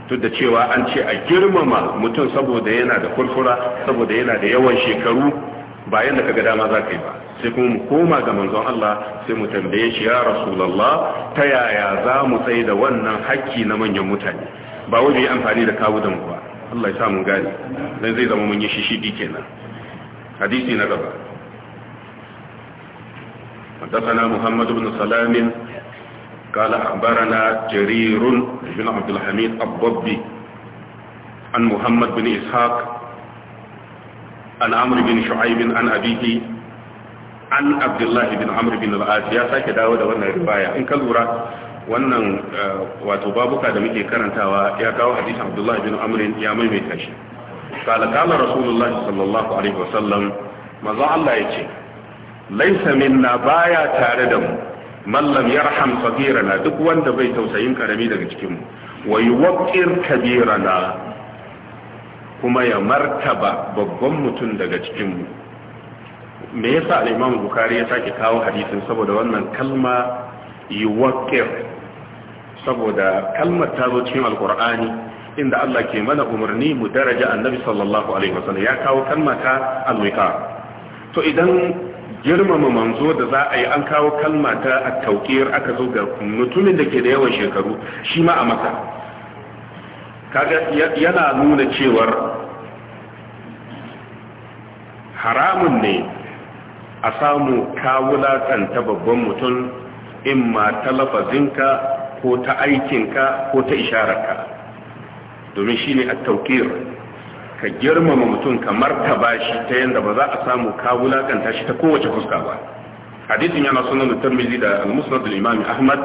duk da cewa an ce a girmama mutum saboda yana da kurkura saboda yana da yawan shekaru ba yadda kaga dama za ka yi ba sai kuma mu koma ga manzon Allah sai mu tambaye shi ya rasulullah ta yaya za mu tsaye da wannan hakki na manyan mutane ba wajen yi amfani da kawo da mu ba Allah ya mu gani dan zai zama mun yi shishidi kenan hadisi na gaba Muhammad Muhammadu Salamin salamin. قال أخبرنا جرير بن عبد الحميد الضبي عن محمد بن إسحاق عن عمرو بن شعيب عن أبيه عن عبد الله بن عمرو بن العاص يا سake dawo da wannan riwaya in ka lura wannan wato babuka da muke karantawa ya kawo hadisin Abdullah bin Amr ya maimaita shi قال قال رسول الله صلى الله عليه وسلم manzo Allah yace laysa minna baya tare da mu mallam yarham na duk wanda bai tausayin karami daga cikinmu wa yuwaqqir kabirana kuma ya martaba babban mutum daga cikinmu me yasa al-imam bukhari ya sake kawo hadisin saboda wannan kalma yuwaqqir saboda kalmar ta zo cikin Alƙur'ani inda Allah ke mana umarni mu daraja annabi sallallahu alaihi wasallam ya kawo kalma ta alwika? to idan girmama manzo da za a yi an kawo kalma ta a tauƙiyar aka zo ga mutumin da ke da yawan shekaru shi ma a masa kaga yana nuna cewar haramun ne a samu kawula ta babban mutum in ma ta lafazinka ko ta aikinka ko ta ishararka domin shi ne a tauƙiyar ka girmama mutum ka martaba shi ta yanda ba za a samu ka wulakanta shi ta kowace fuska ba hadisin yana sunan tirmidhi da al-musnad al-imam ahmad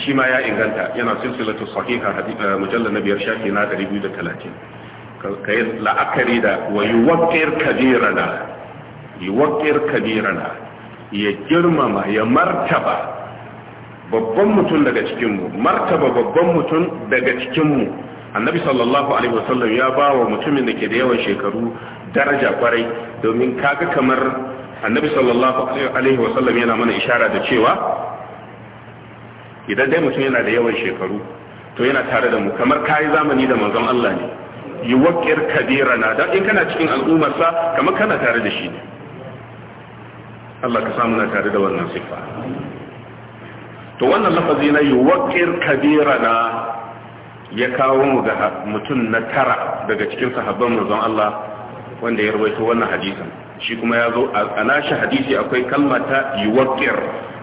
shi ma ya inganta yana silsilatu sahiha eh, mujallal na biyar shafi na 230 ka yi la'akari da wa yuwaqqir kabirana kabirana ya girmama ya martaba babban mutum daga cikinmu martaba babban mutum daga cikinmu annabi sallallahu alaihi wasallam ya ba wa mutumin da ke da yawan shekaru daraja kwarai domin kaga kamar annabi sallallahu alaihi wasallam yana mana ishara da cewa idan dai mutum yana da yawan shekaru to yana tare da mu kamar kayi zamani da manzon Allah ne yuwaqqir na don in kana cikin al'ummarsa kamar kana tare da shi ne Allah ka samu na tare da wannan sifa to wannan lafazi na yuwaqqir na. ya kawo mu ga mutum na tara daga cikin sahabban manzon Allah wanda ya rawaito wannan hadisin shi kuma ya zo a nashi hadisi akwai kalma ta yuwaqir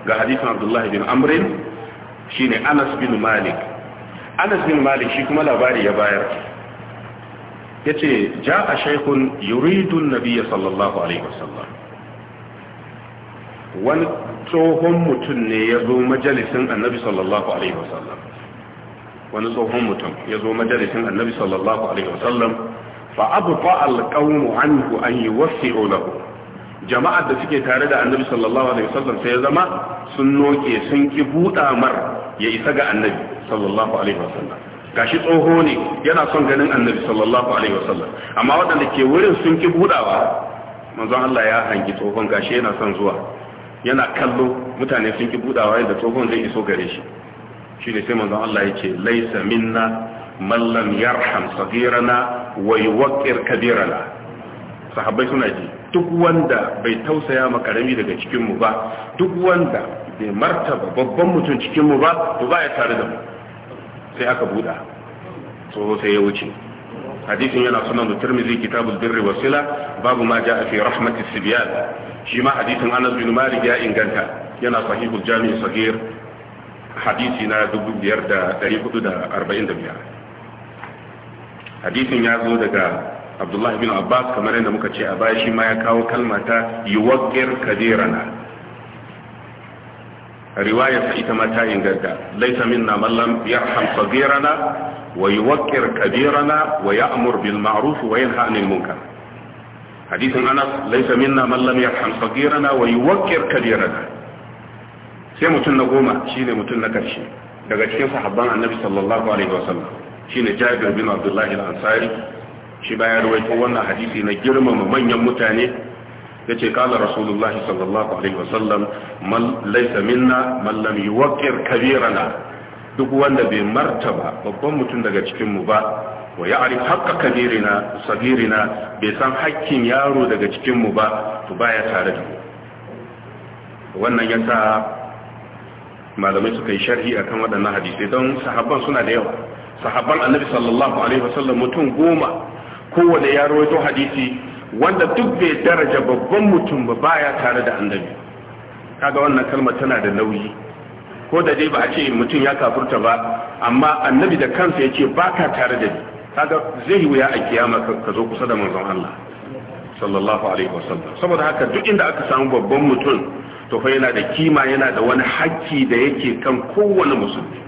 ga hadisin Abdullah bin Amr shine Anas bin Malik Anas bin Malik shi kuma labari ya bayar yace ja'a shaykhun yuridu an-nabiy sallallahu alaihi wasallam wani tsohon mutum ne ya zo majalisin annabi sallallahu alaihi wasallam wani tsohon mutum ya zo majalisin annabi sallallahu alaihi wasallam fa abqa alqawmu anhu an yuwaffi'u lahu jama'ar da suke tare da annabi sallallahu alaihi wasallam sai ya zama sun noke sun ki buɗa mar ya isa ga annabi sallallahu alaihi wasallam gashi tsoho ne yana son ganin annabi sallallahu alaihi wasallam amma waɗanda ke wurin sun ki buɗawa manzon Allah ya hangi tsohon gashi yana son zuwa yana kallo mutane sun ki buɗawa yadda tsohon zai iso gare shi shine sai manzon Allah yake laisa minna man lam yarham sagirana wa yuwaqqir kabirana sahabbai suna ji duk wanda bai tausaya ma karami daga cikin mu ba duk wanda bai martaba babban mutum cikin mu ba to ba ya tare da mu sai aka buda so sai ya wuce hadisin yana sunan da tirmidhi kitabul birri wasila babu ma jaa fi rahmatis sibyan shi ma hadisin Anas bin Malik ya inganta yana sahihul jami' sahih hadisi na dubu biyar da da ɗari 5445 hadisin ya zo daga abdullahi bin abbas kamar yadda muka ce a baya shi ma ya kawo kalma kalmata yuwakkir kadirana riwayar ita ma ta inganta laisa minna man lam yarham sagirana wa yuwakkir kabirana wa ya'mur bil ma'ruf wa yanha 'anil munkar hadisin anas laisa minna man lam yarham sagirana wa yuwakkir kabirana sai mutum na goma shine mutum na ƙarshe daga cikin sahabban annabi sallallahu alaihi wasallam shine Jabir bin abdullahi al-Ansari shi bayan rawaito wannan hadisi na girmama manyan mutane yace kala rasulullahi sallallahu alaihi wasallam man minna man lam yuwaqqir kabirana duk wanda bai martaba babban mutum daga cikin mu ba wa ya'rif haqqa kabirina Safirina bai san hakkin yaro daga cikin mu ba to baya tare da mu wannan yasa malamai suka yi sharhi a kan waɗannan hadisai don sahabban suna da yawa sahabban annabi sallallahu alaihi wasallam mutum goma kowane ya rawaito hadisi wanda duk bai daraja babban mutum ba baya tare da annabi kaga wannan kalmar tana da nauyi ko da dai ba a ce mutum ya kafurta ba amma annabi da kansa yace baka tare da ni kaga zai wuya a kiyama ka zo kusa da manzon Allah sallallahu alaihi wasallam saboda haka duk inda aka samu babban mutum to fa yana da kima yana da wani hakki da yake kan kowane musulmi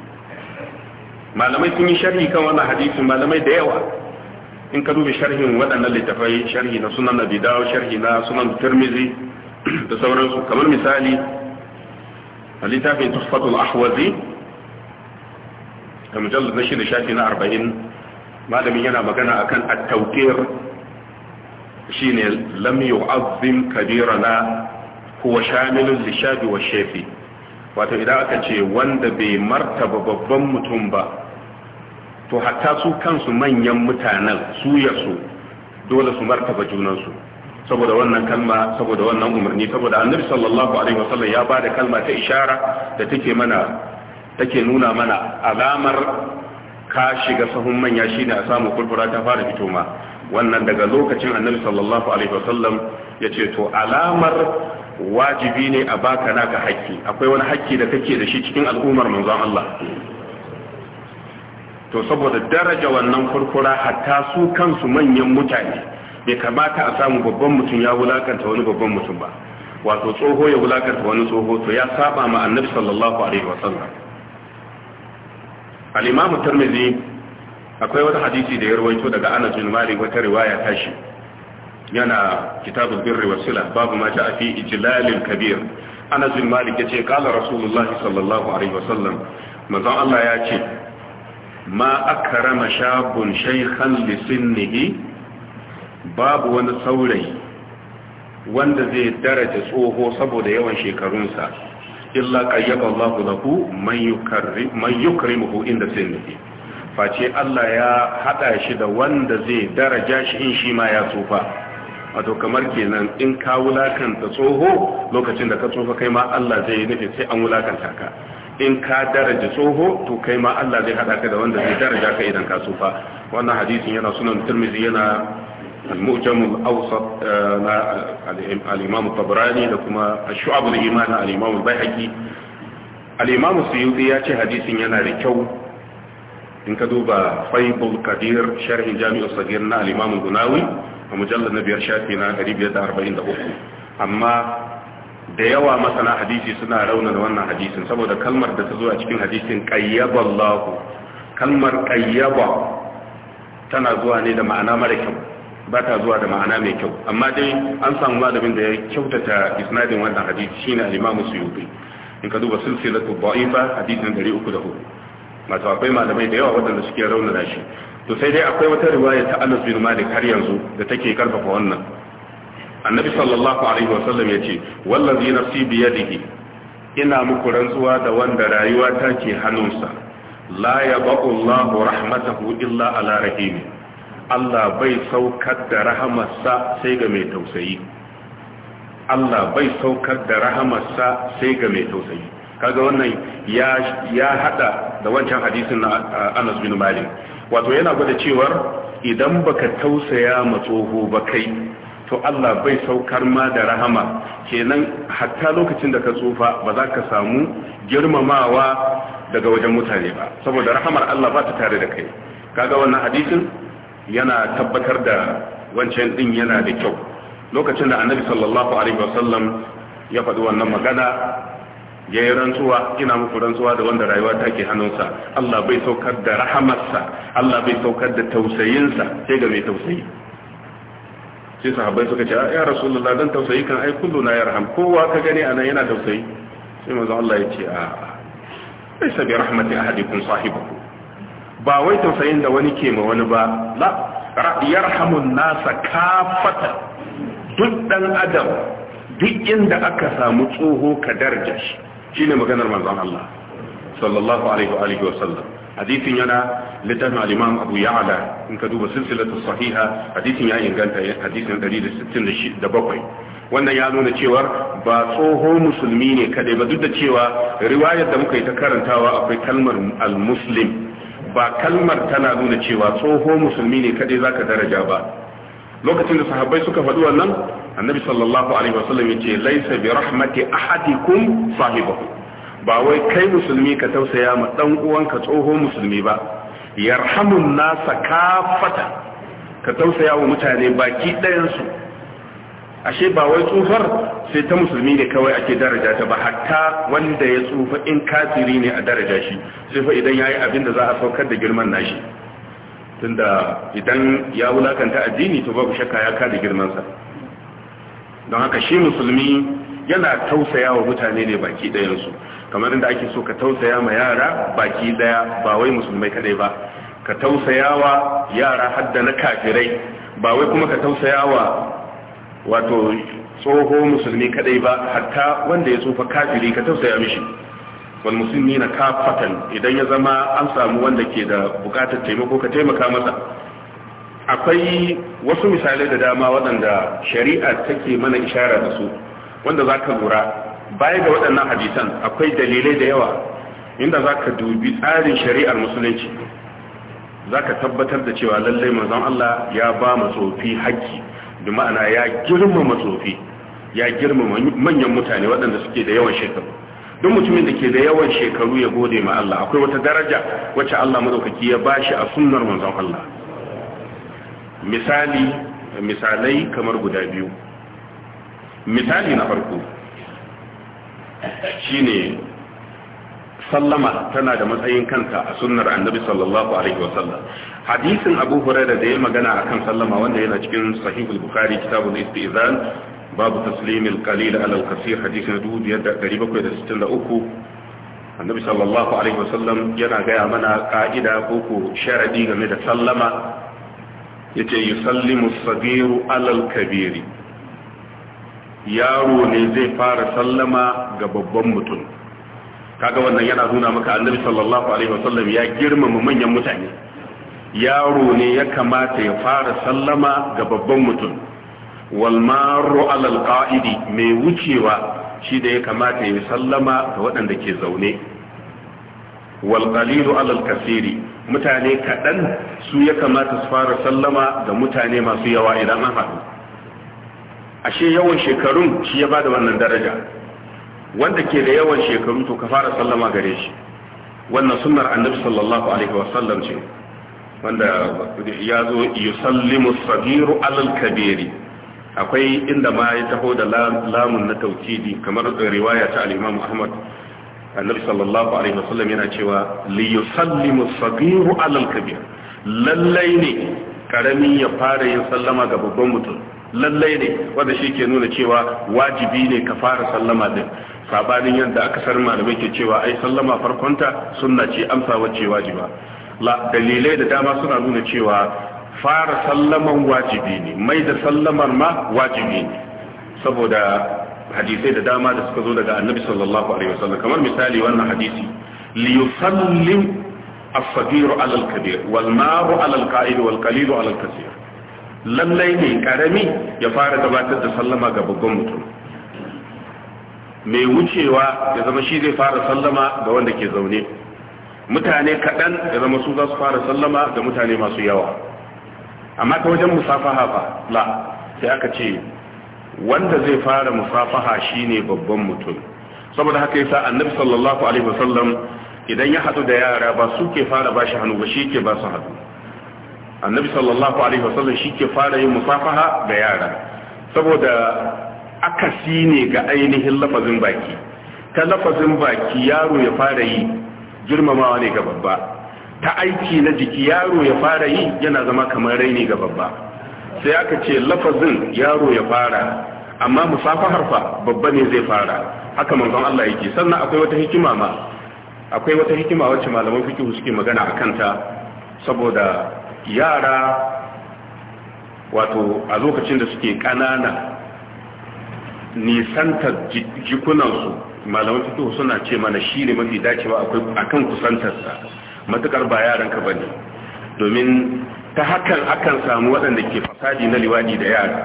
malamai sun yi sharhi kan wannan hadisi malamai da yawa in ka dubi sharhin waɗannan littafai sharhi na sunan abi dawo sharhi na sunan tirmizi da sauransu kamar misali a littafin tuhfatul ahwazi da mujallar na shida shafi na arba'in malamin yana magana akan at-tawqir shine lam yu'azzim kabirana huwa shamilun lishabi wa shefi wato idan aka ce wanda bai martaba babban mutum ba to hatta su kansu manyan mutanen su yasu dole su martaba junansu saboda wannan kalma saboda wannan umarni saboda annabi sallallahu alaihi wasallam ya bada kalma ta ishara da take mana take nuna mana alamar ka shiga sahun manya shine a samu kulfura ta fara fito ma wannan daga lokacin annabi sallallahu alaihi wasallam yace to alamar wajibi ne a baka naka hakki akwai wani hakki da kake da shi cikin al'ummar manzon Allah to saboda daraja wannan kurkura hatta su kansu manyan mutane bai kamata a samu babban mutum ya wulakanta wani babban mutum ba wato tsoho ya wulakanta wani tsoho to ya saba ma annabi sallallahu alaihi sallam al-imam tirmidhi akwai wani hadisi da ya rawaito daga Anas bin Malik wata riwaya tashi yana kitabul birri was sila babu ma ja'a fi ijlalil kabir anas bin malik yace qala rasulullah sallallahu alaihi wasallam manzon Allah ya ce ma akrama shabun shaykhan li sinnihi babu wani saurayi wanda zai daraja tsoho saboda yawan shekarunsa illa qayyaba Allahu lahu man yukarrim man yukrimuhu inda sinnihi face Allah ya hada shi da wanda zai daraja shi in shi ma ya tsufa wato kamar kenan in ka wulakanta tsoho lokacin da ka tsofa kai ma Allah zai yi sai an wulakanta ka in ka daraja tsoho to kai ma Allah zai hada ka da wanda zai daraja ka idan ka tsufa wannan hadisin yana sunan turmizi yana المؤجم الأوسط الإمام الطبراني لكما الشعب الإيمان الإمام البيحكي الإمام السيوطي ياتي حديث ينا ركو إن كدوب فيض القدير شرح جامع الصغيرنا الإمام البناوي a mujallar na biyar shafi na 543 amma da yawa masana hadisi suna raunar wannan hadisin saboda kalmar da ta zo a cikin hadisin qayyaballahu kalmar kayyaba tana zuwa ne da ma'ana mara kyau ba ta zuwa da ma'ana mai kyau amma dai an samu malamin da ya kyautata isnadin wannan hadisi shine al-Imam Suyuti in ka duba silsilatu da'ifa hadisin 304 masu akwai malamai da yawa waɗanda suke raunana shi to sai dai akwai wata riwaya ta Anas bin Malik har yanzu da take karfafa wannan annabi sallallahu alaihi wasallam yace wallazi nafsi bi yadihi ina muku rantsuwa da wanda rayuwa ta ke hannunsa la yabqu Allahu rahmatahu illa ala rahimi Allah bai saukar da rahamarsa sai ga mai tausayi Allah bai saukar da rahamarsa sai ga mai tausayi kaga wannan ya ya hada da wancan hadisin na Anas bin Malik wato yana gwada cewar idan baka tausaya ma tsoho ba kai to Allah bai saukar ma da rahama kenan hatta lokacin da ka tsufa ba za ka samu girmamawa daga wajen mutane ba saboda rahamar Allah ba ta tare da kai kaga wannan hadisin yana tabbatar da wancan din yana da kyau lokacin da annabi sallallahu alaihi wasallam ya faɗi wannan magana ya yi rantsuwa ina muku rantsuwa da wanda rayuwa ta ke hannunsa Allah bai saukar da rahamarsa Allah bai saukar da tausayinsa sai ga mai tausayi sai sahabbai suka ce ah, ya rasulullah dan tausayi kan ai kullu na yarham kowa ka gani anan yana tausayi sai manzo Allah ya ce a ah, laysa bi rahmati ahadikum sahibuhu ba wai tausayin da wani ke ma wani ba la yarhamun nasa kafata duk dan adam duk inda aka samu tsoho ka darja shi Shi ne maganar manzon Allah sallallahu alaihi wa alihi wa sallam hadisin yana littafin al-imam Abu Ya'la in ka duba silsilatu sahiha hadithin ya inganta hadisin 167 wannan ya nuna cewa ba tsoho musulmi ne kadai ba duk da cewa riwayar da muka yi ta karantawa akwai kalmar al-muslim ba kalmar tana nuna cewa tsoho musulmi ne kadai zaka daraja ba lokacin da sahabbai suka faɗi wannan annabi sallallahu alaihi wasallam yace laisa bi rahmati ahadikum sahibahu ba wai kai musulmi ka tausaya ma dan uwanka tsoho musulmi ba yarhamun nasa kafata ka tausaya wa mutane baki ɗayan su ashe ba wai tsufar sai ta musulmi ne kawai ake daraja ta ba hatta wanda ya tsufa in kafiri ne a daraja shi sai fa idan yayi abin da za a saukar da girman nashi tunda idan ya wulakanta addini to babu shakka ya kada girmansa don haka shi musulmi yana tausaya wa mutane ne baki ɗayansu kamar inda ake so ka tausaya ma yara baki ɗaya ba wai musulmai kaɗai ba ka tausaya wa yara hadda na kafirai ba wai kuma ka tausaya wa wato tsoho musulmi kaɗai ba hatta wanda ya tsufa kafiri ka tausaya mishi wal muslimina kafatan idan ya zama an samu wanda ke da bukatar taimako ka taimaka masa akwai wasu misalai da dama waɗanda shari'a take mana ishara da su wanda za ka lura baya ga waɗannan hadisan akwai dalilai da yawa inda za ka dubi tsarin shari'ar musulunci za ka tabbatar da cewa lallai manzon Allah ya ba matsofi haƙƙi da ma'ana ya girmama tsofi ya girmama manyan mutane waɗanda suke da yawan shekaru duk mutumin da ke da yawan shekaru ya gode ma Allah akwai wata daraja wacce Allah madaukaki ya ba shi a sunnar manzon Allah misali misalai kamar guda biyu misali na farko shine sallama tana da matsayin kanta a sunnar annabi sallallahu alaihi wa sallam. hadisin abu hurairah da ya magana akan sallama wanda yana cikin sahihul bukhari kitabul istizan babu taslimin kalil alal kasir hadisi na 2763 annabi sallallahu alaihi wasallam yana gaya mana ka'ida ko ko sharadi game da sallama yace yusallimu sagiru alal kabiri yaro ne zai fara sallama ga babban mutum kaga wannan yana nuna maka annabi sallallahu alaihi wasallam ya girmama manyan mutane yaro ne ya kamata ya fara sallama ga babban mutum Walmaru alal qa'idi mai wucewa shi da ya kamata ya sallama ga waɗanda ke zaune wal alal kasiri mutane kaɗan su ya kamata su fara sallama ga mutane masu yawa idan an haɗu ashe yawan shekarun shi ya bada wannan daraja wanda ke da yawan shekaru to ka fara sallama gare shi wannan sunnar annabi sallallahu alaihi wa sallam ce wanda ya zo yusallimu sagiru alal kabiri akwai inda ma ya taho da lamun na taukidi kamar riwaya ta al-Imam Ahmad annabi sallallahu alaihi wasallam yana cewa li yusallimu sabiru ala al-kabir lallai ne karami ya fara yin sallama ga babban mutum lallai ne wanda shi ke nuna cewa wajibi ne ka fara sallama din sabanin yadda san malamai ke cewa ai sallama farkonta sunna ce amsa wacce wajiba la dalilai da dama suna nuna cewa fara sallaman wajibi ne mai da sallamar ma wajibi ne saboda hadisai da dama da suka zo daga annabi sallallahu alaihi wasallam kamar misali wannan hadisi li yusallim as-sagir ala kabir wal maru ala al-qa'id wal qalil ala lallai ne karami ya fara gabatar da sallama ga babban mutum mai wucewa ya zama shi zai fara sallama ga wanda ke zaune mutane kaɗan ya zama su za fara sallama ga mutane masu yawa amma ta wajen musafaha ba la sai aka ce wanda zai fara musafaha shine babban mutum saboda haka yasa annabi sallallahu alaihi wasallam idan ya hadu da yara ba su ke fara ba shi hannu ba shi ke ba su hadu annabi sallallahu alaihi wasallam shi ke fara yin musafaha ga yara saboda akasi ne ga ainihin lafazin baki ta lafazin baki yaro ya fara yi girmamawa ne ga babba ta aiki na jiki yaro ya fara yi yana zama kamar raini ga babba sai aka ce lafazin yaro ya fara amma musafa fa babba ne zai fara haka manzon Allah yake sannan akwai wata hikima ma akwai wata hikima wacce malaman fiqh suke magana akan ta saboda yara wato a lokacin da suke kanana nisantar jikunansu malaman fiqh suna ce mana shi ne mafi dacewa akwai akan kusantarsa matukar ba yaranka ba ne domin ta hakan akan samu waɗanda ke fasadi na liwadi da yara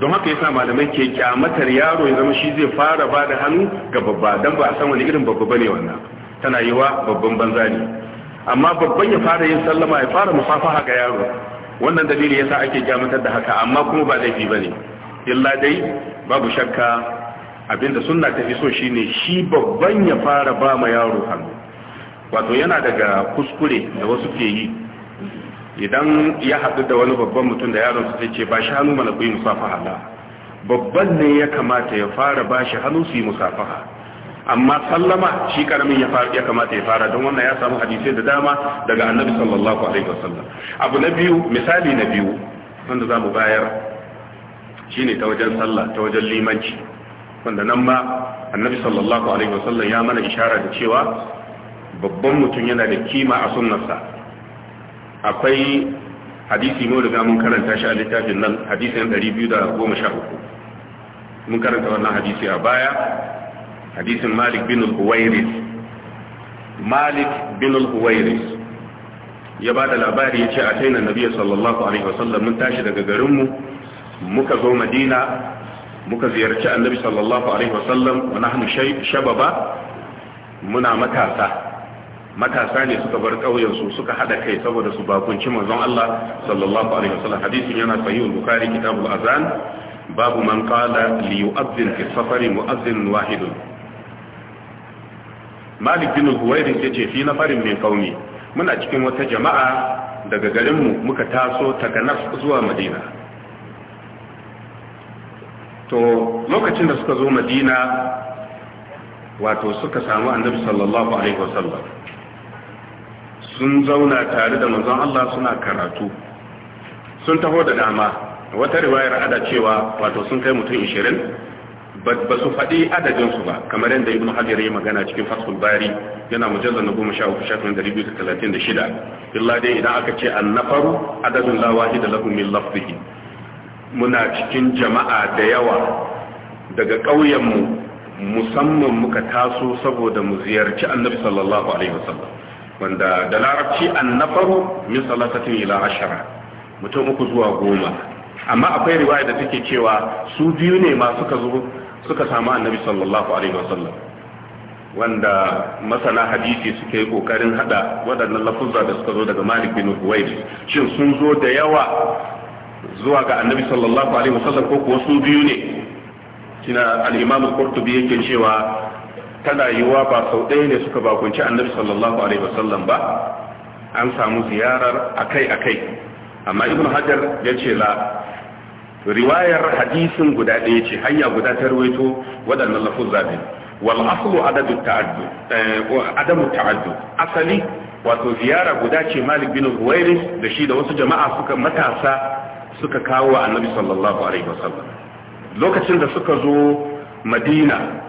don haka yasa malamai ke kyamatar yaro ya zama shi zai fara ba da hannu ga babba don ba a san wani irin babba bane wannan tana yiwa babban banza ne amma babban ya fara yin sallama ya fara musafaha ga yaro wannan dalili yasa ake kyamatar da haka amma kuma ba laifi ne illa dai babu shakka abinda sunna ta fi so shine shi babban ya fara ba ma yaro hannu wato yana daga kuskure da wasu ke yi idan ya haɗu da wani babban mutum da yaron su sai ce ba shi hannu mana ku yi musafaha babban ne ya kamata ya fara ba shi hannu su yi musafaha amma sallama shi karamin ya fara ya kamata ya fara don wannan ya samu hadisai da dama daga annabi sallallahu alaihi wasallam abu na biyu misali na biyu wanda za mu bayar shine ta wajen sallah ta wajen limanci wanda nan ma annabi sallallahu alaihi wasallam ya mana ishara da cewa babban mutum yana da kima a sunnarsa akwai hadisi mun riga mun karanta shi a littafin nan hadisin 213 mun karanta wannan hadisi a baya hadisin Malik bin al-Huwairis Malik bin al-Huwairis ya ba da labari ya ce a tainan nabiya sallallahu alaihi wasallam mun tashi daga garinmu muka zo madina muka ziyarci annabi sallallahu alaihi wasallam wa nahnu shababa muna matasa matasa ne suka bar ƙauyensu suka haɗa kai saboda su bakunci manzon Allah sallallahu alaihi wasallam hadisin yana sahihul bukhari kitabul azan babu man qala li yu'adhdhin fi safari mu'adhdhin wahid Malik bin Huwairi yace fi nafarin min qaumi muna cikin wata jama'a daga garinmu muka taso daga Naf zuwa Madina to lokacin da suka zo Madina wato suka samu annabi sallallahu alaihi wasallam sun zauna tare da manzon Allah suna karatu sun taho da dama wata riwayar ada cewa wato sun kai mutum 20 ba su faɗi adadinsu ba kamar yadda ibn hajar ya magana cikin fasul bari yana mujallar na goma sha uku shafin da ribu talatin da shida illa dai idan aka ce an nafaru adadin lawahi da lahu min muna cikin jama'a da yawa daga ƙauyenmu musamman muka taso saboda mu ziyarci annabi sallallahu alaihi wasallam wanda da larabci faru min salatatin ila ashara mutum uku zuwa goma amma akwai riwaya da take cewa su biyu ne ma suka zo suka samu annabi sallallahu alaihi wasallam wanda masana hadisi suke kokarin hada waɗannan lafuzza da suka zo daga Malik bin Huwayd shin sun zo da yawa zuwa ga annabi sallallahu alaihi wasallam ko kuwa su biyu ne kina al-imam al-qurtubi yake cewa tana yiwuwa ba sau ɗaya ne suka bakunci annabi sallallahu alaihi wasallam ba an samu ziyarar akai-akai amma ibn hajar ya ce la riwayar hadisin guda ɗaya ce hanya guda ta ruwaito waɗannan lafuzza ne wal aslu adadu ta'addu eh, adamu ta'addu asali wato ziyara guda ce malik bin huwairis da shi da wasu jama'a suka matasa suka kawo annabi sallallahu alaihi wasallam lokacin da suka zo madina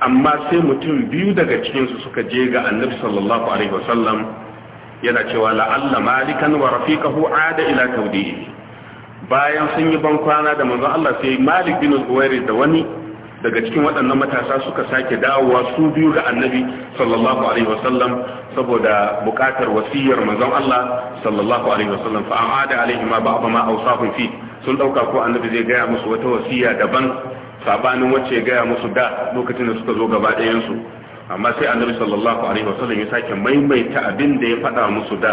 amma sai mutum biyu daga cikinsu suka je ga annabi sallallahu alaihi wasallam yana cewa la'alla malikan wa rafiqahu ada ila tawdihi bayan sun yi bankwana da manzon Allah sai Malik bin Uwairid da wani daga cikin waɗannan matasa suka sake dawowa su biyu ga annabi sallallahu alaihi wasallam saboda buƙatar wasiyar manzon Allah sallallahu alaihi wasallam fa amada alaihi ma fi sun dauka ko annabi zai gaya musu wata wasiya daban sabanin wacce ya gaya musu da lokacin da suka zo gaba ɗayansu amma sai annabi sallallahu alaihi wasallam ya sake maimaita abin da ya faɗa musu da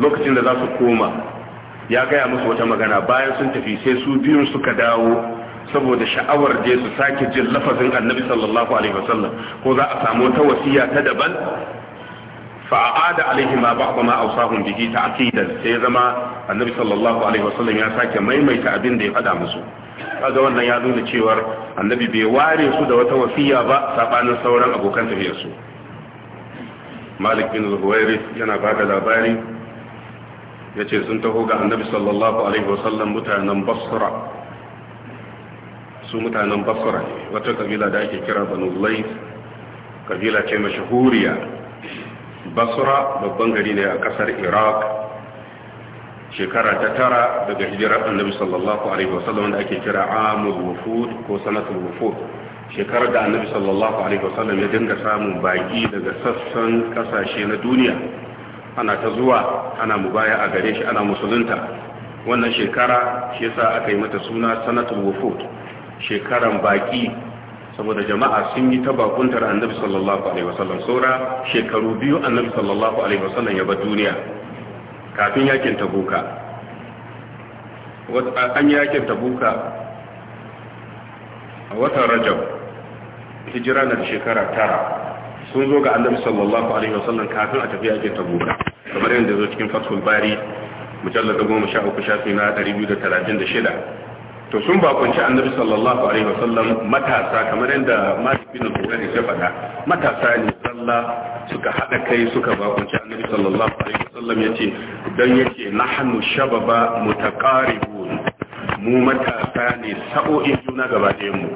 lokacin da za su koma ya gaya musu wata magana bayan sun tafi sai su biyun suka dawo saboda sha'awar je su sake jin lafazin annabi sallallahu alaihi wasallam ko za a samu ta wasiya ta daban فعاد عليهما بعض ما اوصاهم به تعقيدا sai zama annabi sallallahu alaihi wasallam ya sake maimaita abin da ya faɗa musu kaga wannan ya nuna cewar annabi bai ware su da wata wasiya ba sabanin sauran abokan tafiyar su malik bin zuhwairi yana ba da labari ya ce sun taho ga annabi sallallahu alaihi wasallam mutanen basra su mutanen basra ne wata kabila da ake kira banu lais kabila ce mashahuriya basra babban gari ne a kasar iraq shekara ta tara daga hijirar annabi sallallahu alaihi wasallam wanda ake kira amul wufud ko sanatul wufud shekarar da annabi sallallahu alaihi wasallam ya dinga samun baki daga sassan kasashe na duniya ana ta zuwa ana mubaya a gare shi ana musulunta wannan shekara shi yasa aka yi mata suna sanatul wufud shekaran baki saboda jama'a sun yi ta bakuntar annabi sallallahu alaihi wasallam saura shekaru biyu annabi sallallahu alaihi wasallam ya bar duniya kafin yakin tabuka an yakin tabuka a watan rajab hijira na shekara tara sun zo ga annabi sallallahu alaihi wasallam kafin a tafi yakin tabuka kamar yadda zo cikin fatul bari mujallar da goma sha uku shafi na ɗari biyu da talatin da shida to sun bakunci annabi sallallahu alaihi wasallam matasa kamar yadda masu bin al ya faɗa matasa ne zalla suka hada kai suka bakunci annabi sallallahu alaihi wasallam yace dan yace nahnu shababa mutaqaribun mu matasa ne sa'o'in juna gaba ɗayan mu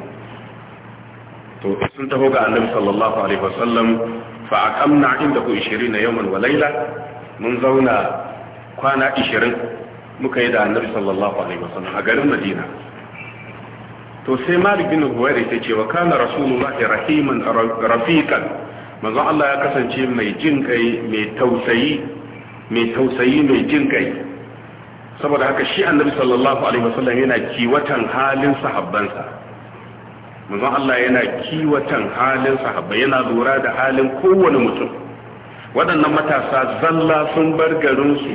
to sun taho ga annabi sallallahu alaihi wasallam fa aqamna indahu 20 yawman wa layla mun zauna kwana 20 muka yi da annabi sallallahu alaihi wasallam a garin madina to sai malik bin huwairi ta ce wa kana rasulullahi rahiman rafiqan manzon Allah ya kasance mai jin kai mai tausayi mai tausayi mai jin kai saboda haka shi annabi sallallahu alaihi wasallam yana kiwatan halin sahabbansa manzon Allah yana kiwatan halin sahabba yana lura da halin kowane mutum waɗannan matasa zalla sun bar garin su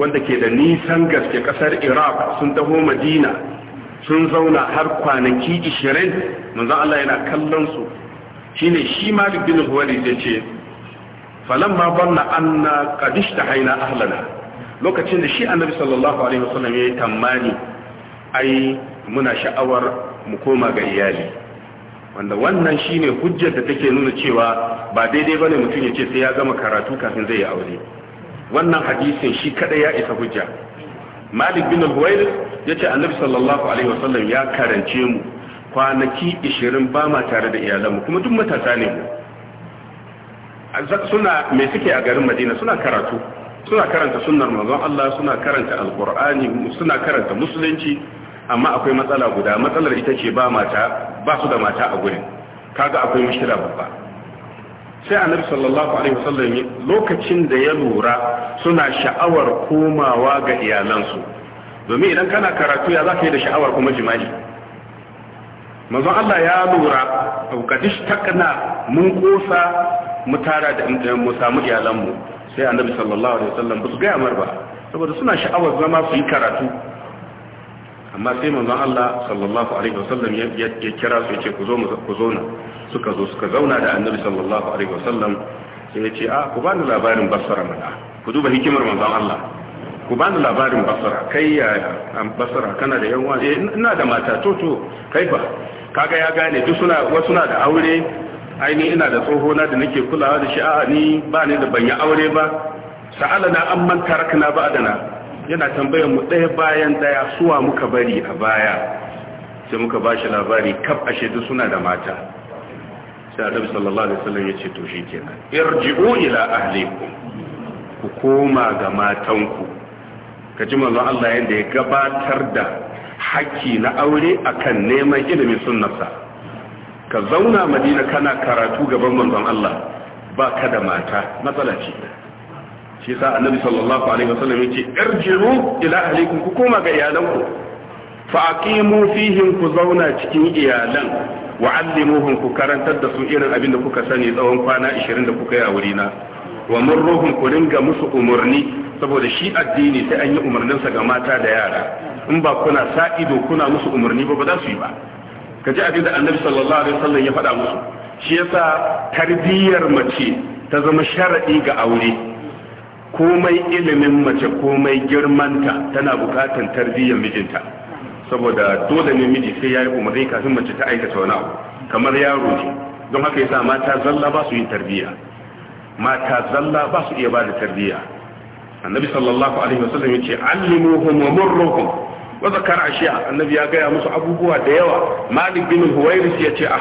wanda ke da nisan gaske ƙasar Iraq sun taho Madina sun zauna har kwanaki 20 manzon Allah yana kallon su shine shi malik bin huwairi ya ce falamma banna anna qad ishtahaina ahlana lokacin da shi annabi sallallahu alaihi wasallam yayi tamani ai muna sha'awar mu koma ga iyali wanda wannan shine hujjar da take nuna cewa ba daidai bane mutum ya ce sai ya gama karatu kafin zai yi aure wannan hadisin shi kada ya isa hujja malik bin al ya ce annabi sallallahu alaihi wasallam ya karance mu kwanaki 20 ba ma tare da iyalanmu kuma duk matasa ne mu suna me suke a garin Madina suna karatu suna karanta sunnar manzon Allah suna karanta alqur'ani suna karanta musulunci amma akwai matsala guda matsalar ita ce ba mata ba su da mata a gurin kaga akwai mushkila babba sai annabi sallallahu alaihi wasallam lokacin da ya lura suna sha'awar komawa ga iyalansu domin idan kana karatu ya zaka yi da sha'awar kuma jima'i manzo Allah ya lura aukadish takna mun kosa mu tara da mu samu iyalanmu sai annabi sallallahu alaihi wasallam ba su ga amar ba saboda suna sha'awar zama su yi karatu amma sai manzo Allah sallallahu alaihi wasallam ya kira su yace ku zo mu ku zo na suka zo suka zauna da annabi sallallahu alaihi wasallam sai ya ce a ah, ku bani labarin basara mana ku duba hikimar manzo Allah ku bani labarin basara kai ya basara kana da yawa eh, ina da mata toto kai ba kaga ya gane duk suna wasu na da aure aini ina da tsoho na da nake kulawa da shi a ni ba ni da banya aure ba sa'ala na an man tarakna adana yana tambayar mu daya bayan daya suwa muka bari a baya sai muka bashi labari kaf ashe duk suna da mata sai Annabi sallallahu alaihi wasallam yace to kenan. irji'u ila ahlikum ku koma ga matanku ka ji manzon Allah yadda ya gabatar da haƙƙi na aure akan neman ilimin sunnarsa ka zauna madina kana karatu gaban manzon Allah ba ka da mata matsala ce shi sa annabi sallallahu alaihi wasallam yace irjiru ila ahlikum ku koma ga iyalanku fa aqimu fihim ku zauna cikin iyalan wa allimuhum ku karantar da su irin abin da kuka sani tsawon kwana 20 da kuka yi a wurina wa murruhum ku ringa musu umurni saboda shi addini sai an yi umarninsa ga mata da yara in ba kuna sa ido kuna musu umarni ba ba za su yi ba ka ji abin da annabi sallallahu alaihi wasallam ya faɗa musu shi yasa tarbiyyar mace ta zama sharadi ga aure komai ilimin mace komai girmanta tana bukatan tarbiyyar mijinta saboda dole ne miji sai ya yi umarni kafin mace ta aikata wani abu kamar yaro ne don haka yasa mata zalla ba su yin tarbiyya mata zalla ba su iya ba da tarbiyya annabi sallallahu alaihi wasallam yace allimuhum wa murruhum wa zakara ashiya annabi ya gaya musu abubuwa da yawa malik bin huwairis yace a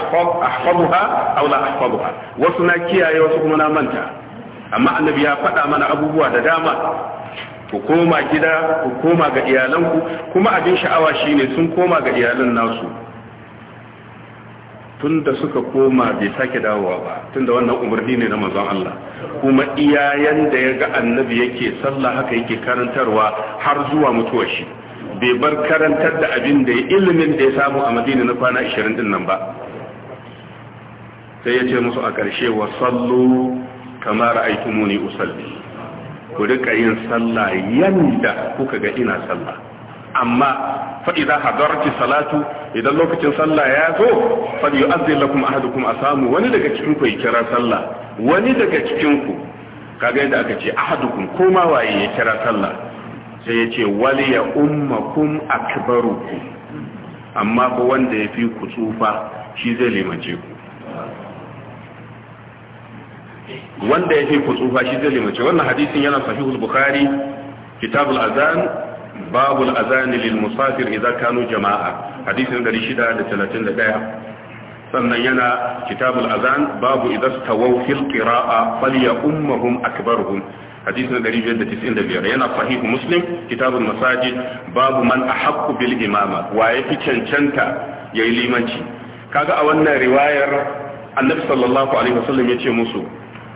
ahfazuha aw la ahfazuha wasu na kiyaye wasu kuma na manta amma annabi ya faɗa mana abubuwa da dama ku koma gida ku koma ga iyalanku kuma abin sha'awa shine sun koma ga iyalan nasu tun da suka koma bai sake dawowa ba tun da wannan umarni ne na mazan Allah kuma iyayen da ya ga annabi yake sallah haka yake karantarwa har zuwa mutuwar shi bai bar karantar da abin da ya ilimin da ya samu a madina na kwana 20 din nan ba sai ya ce musu a ƙarshe wa sallu kamar aitumuni usalli ku rika yin sallah yanda kuka ga ina sallah amma fa'iza hadarci salatu idan lokacin sallah ya zo fal yu'azzin lakum ahadukum asamu wani daga cikin ku kira sallah wani daga cikin ku kaga yadda aka ce ahadukum ko ma waye ya kira sallah sai ya ce wali ya ummakum akbarukum amma ko wanda ya fi ku tsufa shi zai limace ku wanda ya fi ku tsufa shi zai limace wannan hadisin yana sahihul bukhari kitabul azan Babu azani lil musafir idza kanu jama'a hadisin 631 sannan yana kitabul azan babu idan tawaw fil qira'a falyummahum akbaruhum hadisin 595 yana sahihu muslim kitabul masajid babu man ahaqqu bil imama wa yafi cancanta yayi limanci ga a wannan riwayar annabi sallallahu alaihi wasallam yace musu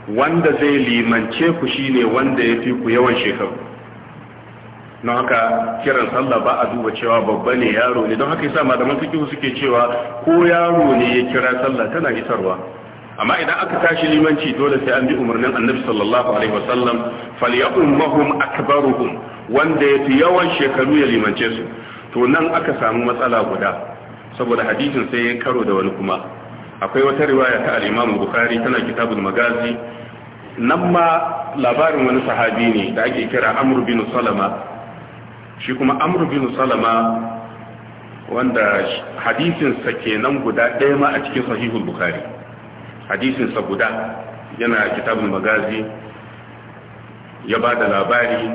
wanda zai limance ku shine wanda fi ku yawan shekaru don haka kiran sallah ba a duba cewa babba ne yaro ne don haka yasa malaman fiqh suke cewa ko yaro ne ya kira sallah tana isarwa amma idan aka tashi limanci dole sai an bi umarnin annabi sallallahu alaihi wasallam falyummahum akbaruhum wanda yafi yawan shekaru ya limance su to nan aka samu matsala guda saboda hadisin sai ya karo da wani kuma akwai wata riwaya ta al-Imam Bukhari tana kitabul Magazi nan ma labarin wani sahabi ne da ake kira Amr bin Salama shi kuma amru bin salama wanda hadisinsa kenan guda ɗaya ma a cikin sahihul bukari hadisinsa guda yana kitabin magazi ya ba da labari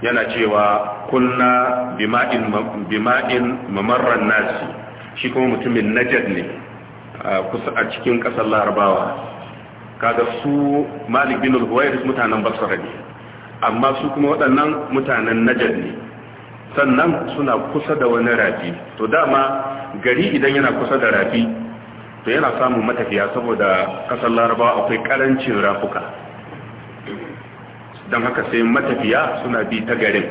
yana cewa kunna bima'in mamarran nasi shi kuma mutumin najad ne kusa a cikin ƙasar larabawa kaga su malik bin al mutanen basra ne amma su kuma waɗannan mutanen najar ne sannan suna kusa da wani rafi to dama gari idan yana kusa da rafi to yana samun matafiya saboda kasar larabawa akwai karancin rafuka don haka sai matafiya suna bi ta garin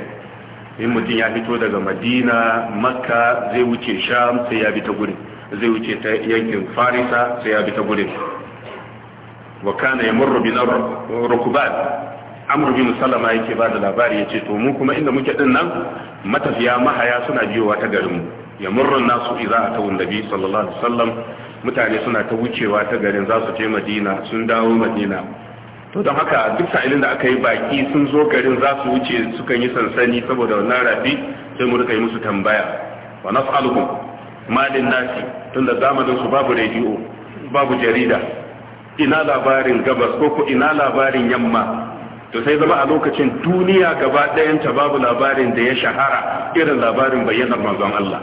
in mutum ya fito daga madina makka zai wuce sham sai ya bi ta gurin zai wuce ta yankin farisa sai ya bi ta gurin wa kana murrubi na rukubar amur bin salama yake ba da labari ce to mu kuma inda muke din nan matafiya mahaya suna biyowa ta garin mu murrun nasu idza atawun nabi sallallahu alaihi wasallam mutane suna ta wucewa ta garin za su je madina sun dawo madina to don haka duk sa'ilin da aka yi baki sun zo garin za su wuce kan yi sansani saboda wannan rafi sai mu rika yi musu tambaya wa nas'alukum malin nasi tunda zamanin su babu rediyo babu jarida ina labarin gabas ko ko ina labarin yamma to sai zama a lokacin duniya gaba ɗayanta babu labarin da ya shahara irin labarin bayyanar manzon Allah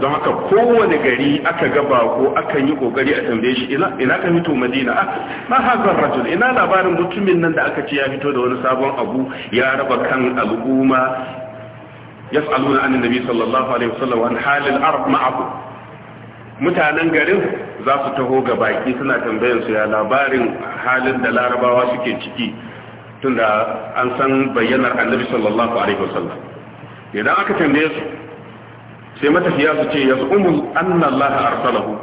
don haka kowane gari aka ga bako aka yi kokari a tambaye shi ina ka fito madina ah ma hazan rajul ina labarin mutumin nan da aka ce ya fito da wani sabon abu ya raba kan al'umma yas'aluna an nabi sallallahu alaihi wasallam an halil arab ma'ahu mutanen garin za su taho ga baki suna tambayar su ya labarin halin da larabawa suke ciki tunda an san bayyanar annabi sallallahu alaihi wasallam idan aka tambaye su sai matafiya su ce yasumu anna allaha arsalahu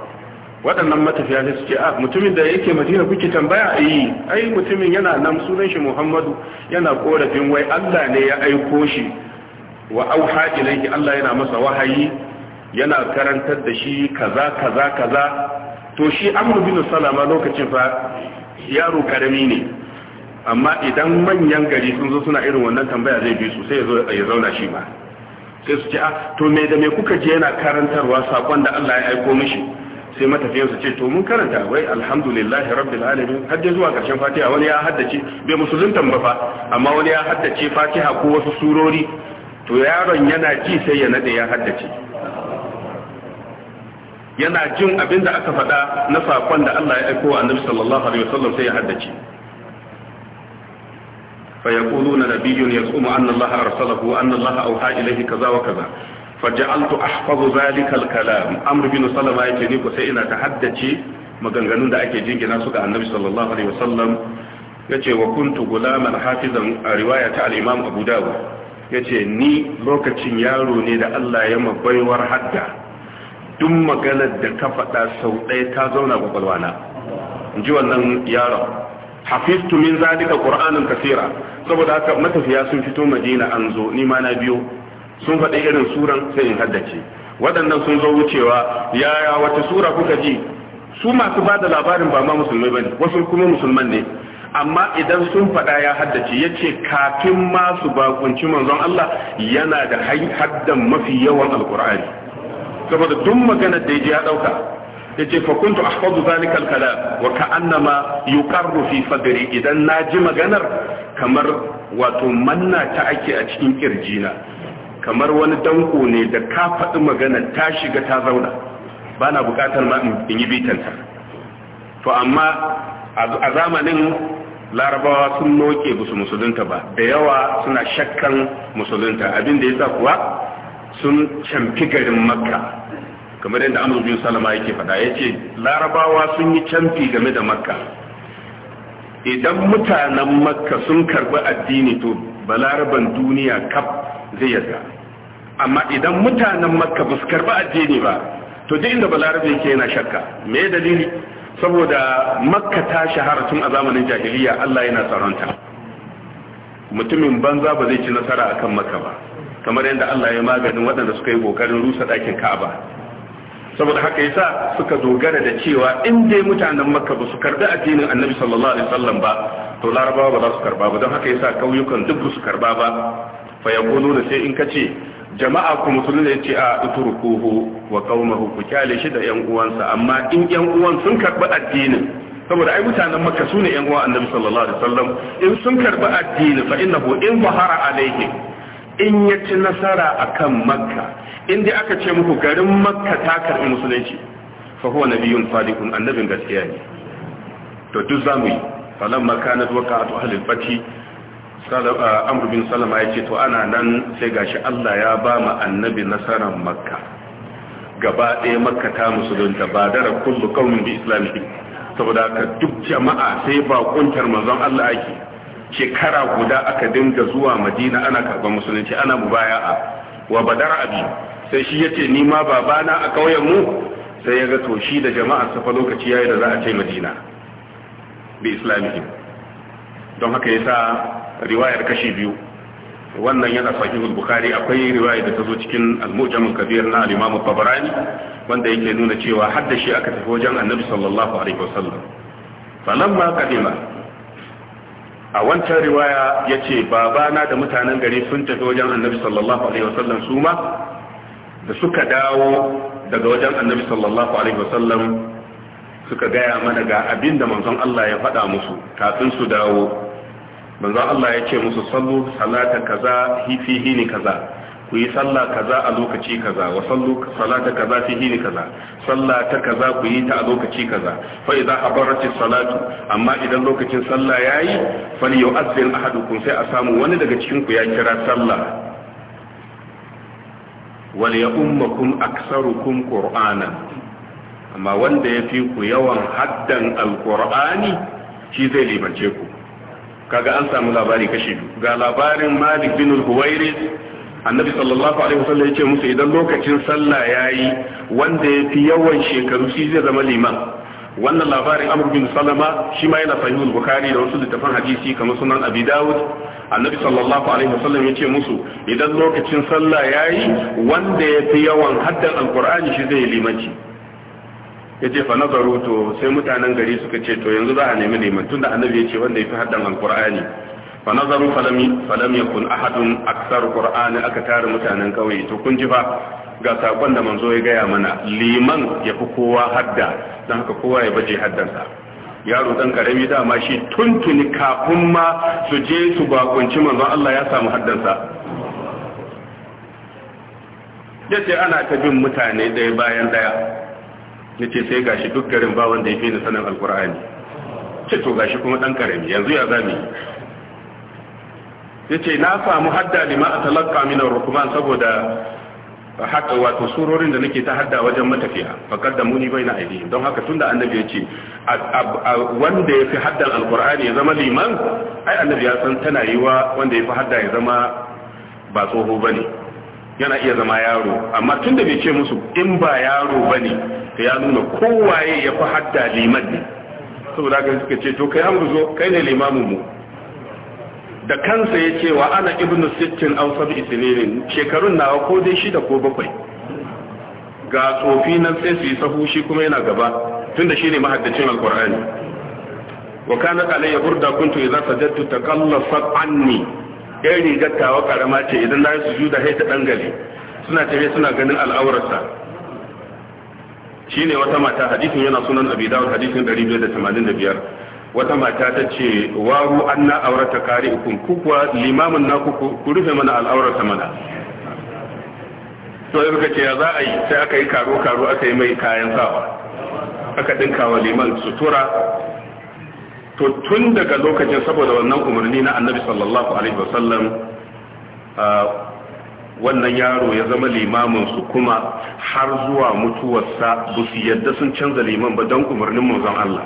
waɗannan matafiya ne su ce a ah, mutumin da yake madina kuke tambaya a eh, yi ai mutumin yana nan sunan shi muhammadu yana korafin wai allah ne ya aiko shi wa auha ilayhi allah yana masa wahayi yana karantar da shi kaza kaza kaza to shi amru bin salama lokacin fa yaro karami ne amma idan manyan gari sun zo suna irin wannan tambaya zai bi su sai ya zauna shi ba sai su ce a ah, to me da me kuka je yana karantarwa sakon da Allah ya aiko mishi sai matafiyan su ce to mun karanta wai alhamdulillahi rabbil alamin har zuwa karshen fatiha wani ya haddace bai musulun ba fa amma wani ya haddace fatiha ko wasu surori to yaron yana ji sai ya nade ya haddace yana jin abinda aka faɗa na sakon da Allah ya aiko wa annabi sallallahu alaihi wasallam sai ya haddace فيقولون نبي يزعم أن الله أرسله وأن الله أوحى إليه كذا وكذا فجعلت أحفظ ذلك الكلام أمر بن سلمة يتني كسينا تحدثي maganganun da ake jingina su ga annabi sallallahu alaihi wasallam yace wa kuntu gulaman hafizan a riwaya ta al-imam abu dawud yace ni lokacin yaro ne da Allah ya mabaiwar hadda duk maganar da ka faɗa sau ɗaya ta zauna kwakwalwana in ji wannan yaron hafiztu min zalika qur'anan kaseera saboda haka matafiya sun fito madina an zo ni ma na biyo sun faɗi irin suran sai in haddace waɗannan sun zo wucewa yaya wata sura kuka ji su masu bada labarin ba ma musulmai bane wasu kuma musulman ne amma idan sun faɗa ya haddace ya ce kafin ma su bakunci manzon Allah yana da haddan mafi yawan alkur'ani saboda duk maganar da ya ɗauka yace fa kuntu ahfazu zalika al-kalam wa ka'annama yuqarru fi sadri idan naji maganar kamar wato manna ta ake a cikin kirjina kamar wani danko ne da ka faɗi maganar ta shiga ta zauna bana bukatar ma in yi bitanta to amma a zamanin larabawa sun noke busu musulunta ba da yawa suna shakkan musulunta abin da yasa kuwa sun canfi garin makka kamar yadda amur bin salama yake faɗa ya ce larabawa sun yi canfi game da makka idan mutanen makka sun karbi addini to balaraban duniya kaf zai yarda amma idan mutanen makka ba su karbi addini ba to duk inda balarabe yake yana shakka me dalili saboda makka ta shahara tun a zamanin jahiliya Allah yana tsaronta mutumin banza ba zai ci nasara akan makka ba kamar yadda Allah ya maganin waɗanda suka yi ƙoƙarin rusa ɗakin Ka'aba saboda haka yasa suka dogara da cewa in dai mutanen makka ba su karbi addinin annabi sallallahu alaihi wasallam ba to larabawa ba za su karba ba don haka yasa kauyukan duk su karba ba fa yaquluna sai in kace jama'a ku musulmi ne ce a utrukuhu wa qaumahu ku kyale shi da yan uwansa amma in yan uwan sun karbi addinin saboda ai mutanen makka su ne yan uwan annabi sallallahu alaihi wasallam in sun karbi addinin fa innahu in zahara alaihim in ya ci nasara a kan makka in dai aka ce muku garin makka ta karɓi musulunci fa na biyun falikun annabin gaskiya ne to duk za mu yi falan makanat waqa'atu ahlil fati amr salama ya ce to ana nan sai gashi Allah ya ba ma annabi nasarar makka gaba ɗaya makka ta musulunta ba dara kullu kawun bi islamiki. saboda ka duk jama'a sai ba kuntar manzon Allah ake shekara guda aka dinga zuwa madina ana karban musulunci ana mubaya'a wa badar abi sai shi yace ni ma babana a kauyen mu sai ya ga to shi da jama'a safa lokaci yayi da za a ce madina bi islamihim don haka yasa riwayar kashi biyu wannan yana sahihul bukhari akwai riwaya da ta zo cikin al-mu'jam kabir na al-imam tabarani wanda yake nuna cewa hadda shi aka tafi wajen annabi sallallahu alaihi wasallam falamma qadima a wancan riwaya ya ce babana da mutanen gari sun tafi wajen annabi sallallahu alaihi wasallam su ma da suka dawo daga wajen annabi sallallahu alaihi wasallam suka gaya mana ga abin da manzon Allah ya faɗa musu kafin su dawo manzon Allah ya ce musu sallu salata kaza hifi hini kaza ku yi sallah kaza a lokaci kaza wa sallu salata kaza fi hini kaza sallah ta kaza ku yi ta a lokaci kaza fa idza habarati salatu amma idan lokacin sallah yayi fal yu'azzin ahadukum sai a samu wani daga cikin ku ya kira sallah wal ya'ummakum aktsarukum qur'anan amma wanda yafi ku yawan haddan alqur'ani shi zai limance ku kaga an samu labari kashi ga labarin Malik bin al-Huwairis annabi sallallahu alaihi wasallam ya ce musu idan lokacin sallah yayi wanda ya fi yawan shekaru shi zai zama liman wannan labarin amr bin salama shi ma yana sahihul bukhari da wasu littafan hadisi kamar sunan abi dawud annabi sallallahu alaihi wasallam ya ce musu idan lokacin sallah yayi wanda ya fi yawan haddan alqur'ani shi zai limanci ya ce fa nazaru to sai mutanen gari suka ce to yanzu za a nemi neman tunda annabi ya ce wanda ya fi haddan alqur'ani fa nazaru falam falam yakun ahadun aksar qur'ani aka tare mutanen kauye to kun ji ba ga sakon da manzo ya gaya mana liman ya fi kowa hadda don haka kowa ya baje haddansa yaro dan karami ma shi tuntuni kafin ma su je su bakunci manzon Allah ya samu haddansa yace ana ta bin mutane ɗaya bayan ɗaya nace sai gashi duk garin ba wanda ya fi ni sanin alkur'ani ce to gashi kuma dan karami yanzu ya zame. yace na samu hadda lima a min ar-rukman saboda haka wato surorin da nake ta hadda wajen matafiya fakar da muni bai na aidihim don haka tunda annabi ya ce wanda ya fi haddan alkur'ani ya zama liman ai annabi ya san tana yi wa wanda ya fi hadda ya zama ba tsoho ba ne yana iya zama yaro amma tunda bai ce musu in ba yaro ba ne ta ya nuna kowaye ya fi hadda liman ne saboda haka suka ce to kai an zo kai ne limamin mu da kansa ya ce wa ana ibnu sittin aw sab'i shekarun nawa ko dai shida ko bakwai ga tsofi nan sai su yi sahu shi kuma yana gaba tunda shine mahaddacin alqur'ani wa kana alayya burda kuntu idza sajadtu taqallasat anni dai rigar tawa karama ce idan na yi sujuda sai ta dangale suna tafe suna ganin al'aurarsa shine wata mata hadisin yana sunan abi dawud hadisin 285 wata mata ta ce waru anna aurata qari'ukum ku kuwa limamin kuku? ku rufe mana al'aurata mana to sai ya za a yi sai aka yi karo karo aka yi mai kayan sawa aka dinka wa liman sutura to tun daga lokacin saboda wannan umarni na annabi sallallahu alaihi wasallam wannan yaro ya zama limamin su kuma har zuwa mutuwarsa ba su yadda sun canza liman ba don umarnin manzon Allah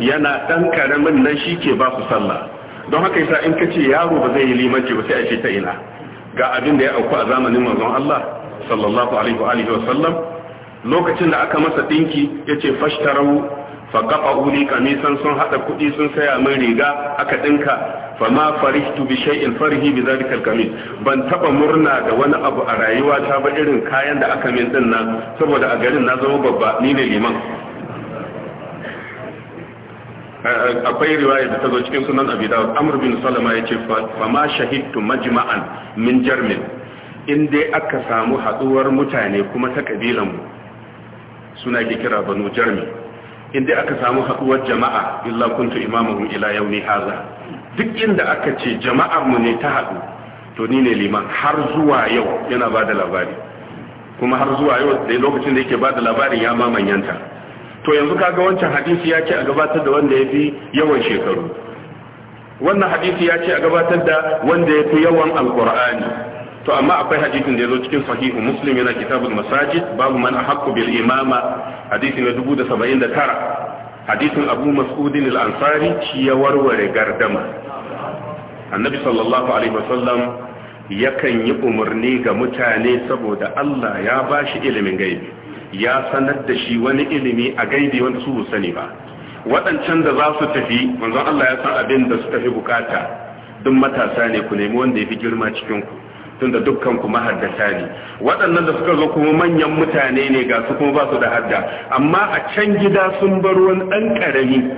yana dan karamin nan shi ke ba su sallah don haka yasa in kace yaro ba zai yi limanci ba sai a ce ta ina ga abin da ya auku a zamanin manzon Allah sallallahu alaihi wa alihi wa sallam lokacin da aka masa dinki yace fashtarau faqafa uli kamisan sun hada kudi sun saya min riga aka dinka fama farihtu bi shay'in farhi bi zalika kamis ban taba murna da wani abu a rayuwa ta ba irin kayan da aka min din nan saboda a garin na zama babba ni ne liman akwai riwaya da ta zo cikin sunan abi da amr bin salama yace fa ma shahidtu majma'an min jarmin in dai aka samu haduwar mutane kuma ta kabilan mu suna ke kira banu jarmi in dai aka samu haduwar jama'a illa kuntu imamuhum ila yawmi hadha duk inda aka ce jama'ar mu ne ta hadu to ni ne liman har zuwa yau yana bada labari kuma har zuwa yau da lokacin da yake bada labarin ya mamanyanta to yanzu kaga wancan hadisi ya ce a gabatar da wanda ya fi yawan shekaru wannan hadisi ya ce a gabatar da wanda ya fi yawan alkur'ani to amma akwai hadisin da ya zo cikin sahihu muslim yana kitabul masajid babu man ahaqqu bil imama hadisi na tara. hadisin abu mas'udin al-ansari shi ya warware gardama annabi sallallahu alaihi wasallam yakan yi umarni ga mutane saboda Allah ya bashi ilimin gaibi ya sanar da shi wani ilimi a gaibi wanda su sani ba waɗancan da za su tafi manzon Allah ya san abin da suka fi bukata duk matasa ne ku nemi wanda ya fi girma cikin ku tunda dukkan ku mahaddata ne waɗannan da suka zo kuma manyan mutane ne ga su kuma ba su da hadda amma a can gida sun bar wani ɗan ƙarami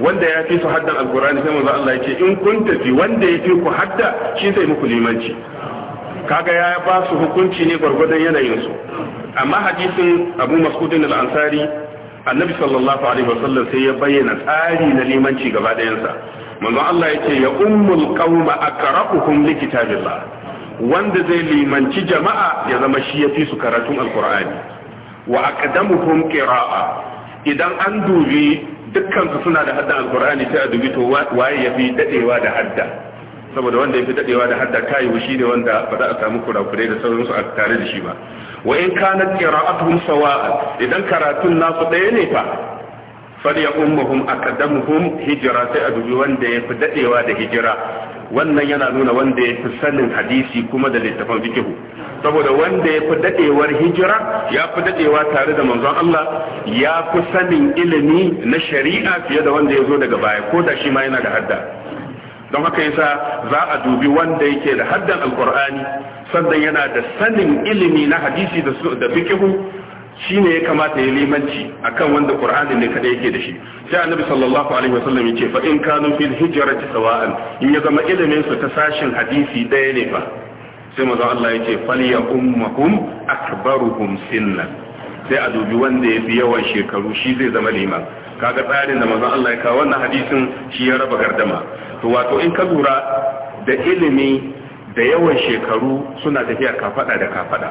wanda ya fi su haddan alkurani sai manzon Allah ya ce in kun tafi wanda ya fi ku hadda shi zai muku limanci kaga ya ba su hukunci ne gwargwadon su amma hadisin abu mas'udin al-ansari annabi sallallahu alaihi wasallam sai ya bayyana tsari na limanci gaba ɗayansa manzon Allah ce ya ummul qauma akrahuhum li kitabillah wanda zai limanci jama'a ya zama shi fi su karatun alkur'ani wa aqdamuhum qira'a idan an dubi dukkansu suna da hadda alkur'ani sai a dubi to waye ya fi dadewa da hadda saboda wanda ya fi dadewa da hadda kayi shi ne wanda ba za a samu kurakurai da sauransu a tare da shi ba wa in kanat qira'atuhum sawa'an idan karatun nasu ɗaya ne fa falya ummuhum aqdamuhum hijra sai a dubi wanda ya fi dadewa da hijira wannan yana nuna wanda ya fi sanin hadisi kuma da littafin fikihu saboda wanda ya fi dadewar hijira ya fi dadewa tare da manzon Allah ya fi sanin ilimi na shari'a fiye da wanda ya zo daga baya ko da shi ma yana da hadda don haka yasa za a dubi wanda yake da haddan alkur'ani sannan yana da sanin ilimi na hadisi da fikihu shi ne ya kamata ya limanci akan wanda qur'ani ne kada yake da shi sai annabi sallallahu alaihi wasallam yace fa in kanu fil hijrati sawa'an in ya zama ilimin su ta sashin hadisi daya ne fa sai manzo Allah yace falya ummuhum akbaruhum sinnan sai a dubi wanda ya fi yawan shekaru shi zai zama liman kaga tsarin da manzon Allah ya kawo wannan hadisin shi ya raba gardama to wato in ka lura da ilimi da yawan shekaru suna tafiya kafaɗa da kafaɗa.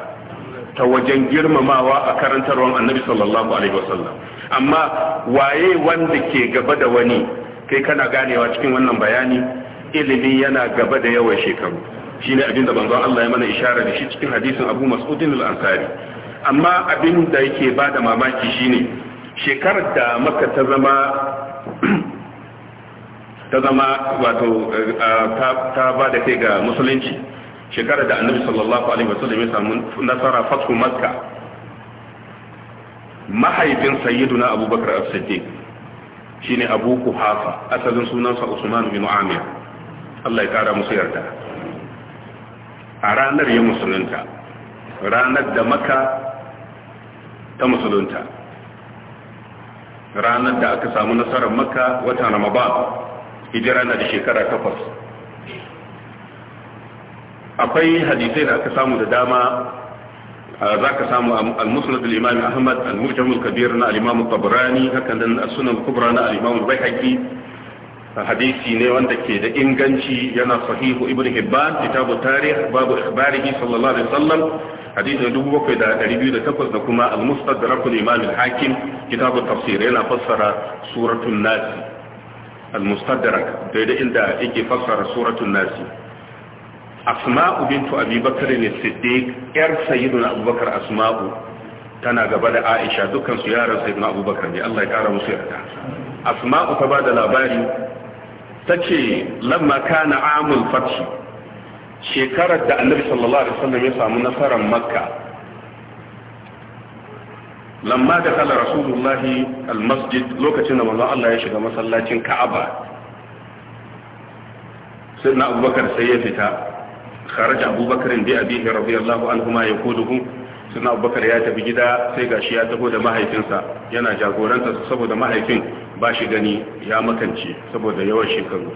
ta wajen girmamawa a karantarwar annabi sallallahu alaihi wasallam amma waye wanda ke gaba da wani kai kana ganewa cikin wannan bayani ilimi yana gaba da yawan shekaru shine abin da manzon Allah ya mana isharar da shi cikin hadisin Abu Mas'ud al-Ansari amma abin da yake bada mamaki shine shekarar da maka ta zama ta zama wato eh, ah, ta ba da kai ga musulunci shekarar da annabi sallallahu alaihi wasallam ya samu nasara fatu makka mahaifin sayyiduna abubakar as-siddiq shine abu kuhafa asalin sunansa usman bin amir Allah ya kara musu yarda a ranar ya musulunta ranar da maka ta musulunta ranar da aka samu nasarar makka wata ramadan hijira na da shekara takwas akwai hadisai da aka samu da dama za ka samu al-musnad al-imam ahmad al-mujam al-kabir na al-imam tabrani haka nan sunan kubra na al-imam al-baihaqi hadisi ne wanda ke da inganci yana sahihu ibn hibban kitabu tarikh babu ikhbarihi sallallahu alaihi wasallam dubu bakwai da ɗari biyu da kuma al-mustadrak al-imam al-hakim kitab at-tafsir yana fassara suratun nasi. al-mustadrak daidai inda yake fassara suratun nasi. asma'u bintu abi bakr as-siddiq yar sayyidina abubakar asma'u tana gaba da aisha dukkan su yaran sayyidina abubakar ne Allah ya kara musu yarda asma'u ta bada labari tace lamma kana amul fath shekarar da annabi sallallahu alaihi wasallam ya samu nasarar makka lamma da kala rasulullahi almasjid lokacin da manzon Allah ya shiga masallacin ka'aba sai na abubakar sai ya fita kharaja abubakar bi abihi radiyallahu anhu ma yakuduhu sai na abubakar ya tafi gida sai gashi ya taho da mahaifinsa yana jagoranta saboda mahaifin ba shi gani ya makance saboda yawan shekaru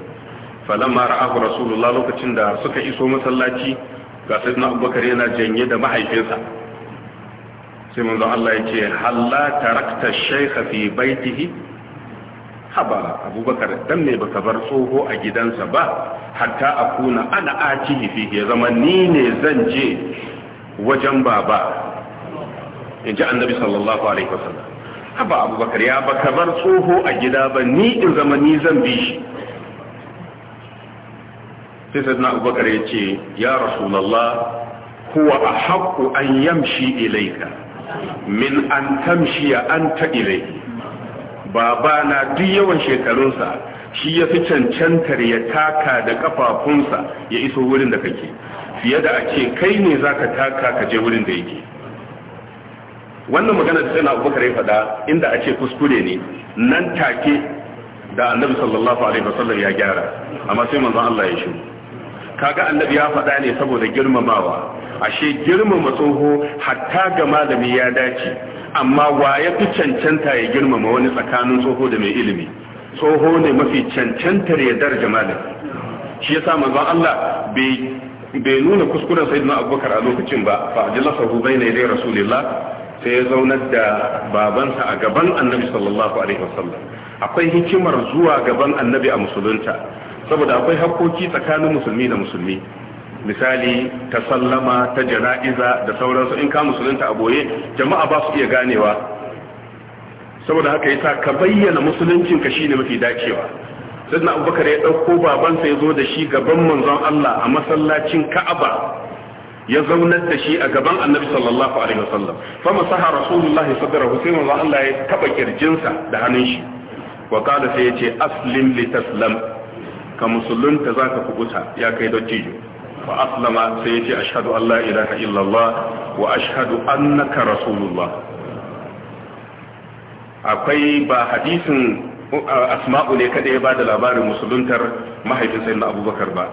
falamma ra'ahu rasulullah lokacin da suka iso masallaci ga sayyidina abubakar yana janye da mahaifinsa sai manzon Allah ya ce halla tarakta shaykha fi baitihi haba abubakar dan me baka bar tsoho a gidansa ba hatta akuna ana atihi fi ya zama ni ne zan je wajen baba in annabi sallallahu alaihi wasallam haba abubakar ya baka bar tsoho a gida ba ni in zama ni zan bi shi sai na abubakar ya ce ya kuwa a haƙƙo an yamshi ilaika? min an tamshi an anta ilayhi baba na duk yawan shekarunsa shi ya fi cancantar ya taka da ƙafafunsa ya iso wurin da kake fiye da a ce kai ne za ka taka ka je wurin da yake wannan magana da na abubakar ya faɗa inda a ce kuskure ne nan take da annabi sallallahu alaihi wasallam ya gyara amma sai manzon Allah ya shiru kaga annabi ya faɗa ne saboda girmamawa ashe girmama tsoho hatta ga malami ya dace amma wa ya fi cancanta ya girmama wani tsakanin tsoho da mai ilimi tsoho ne mafi cancantar ya darja malami shi yasa manzon Allah bai bai nuna kuskuren sayyidina abubakar a lokacin ba fa ajalla sahu bayna ilay rasulillah sai ya zaunar da babansa a gaban annabi sallallahu alaihi wasallam akwai hikimar zuwa gaban annabi a musulunta saboda akwai hakkoki tsakanin musulmi da musulmi misali ta sallama ta jana'iza da sauransu in ka musulunta a boye jama'a ba su iya ganewa saboda haka yasa ka bayyana musuluncinka shine mafi dacewa sannan abubakar ya ɗauko babansa ya zo da shi gaban manzon Allah a masallacin ka'aba ya zaunar da shi a gaban annabi sallallahu alaihi wasallam fa masaha rasulullahi sadrahu sai manzon Allah ya taba kirjinsa da hannun shi wa qala sai yace aslim li taslam ka musulunta za ka kubuta ya kai dattijo fa aslama sai yace ce an Allah ilaha illallah wa ashhadu annaka rasulullah akwai ba hadisin uh, asma'u ne kada ya ba da labarin musuluntar mahaifin na abubakar ba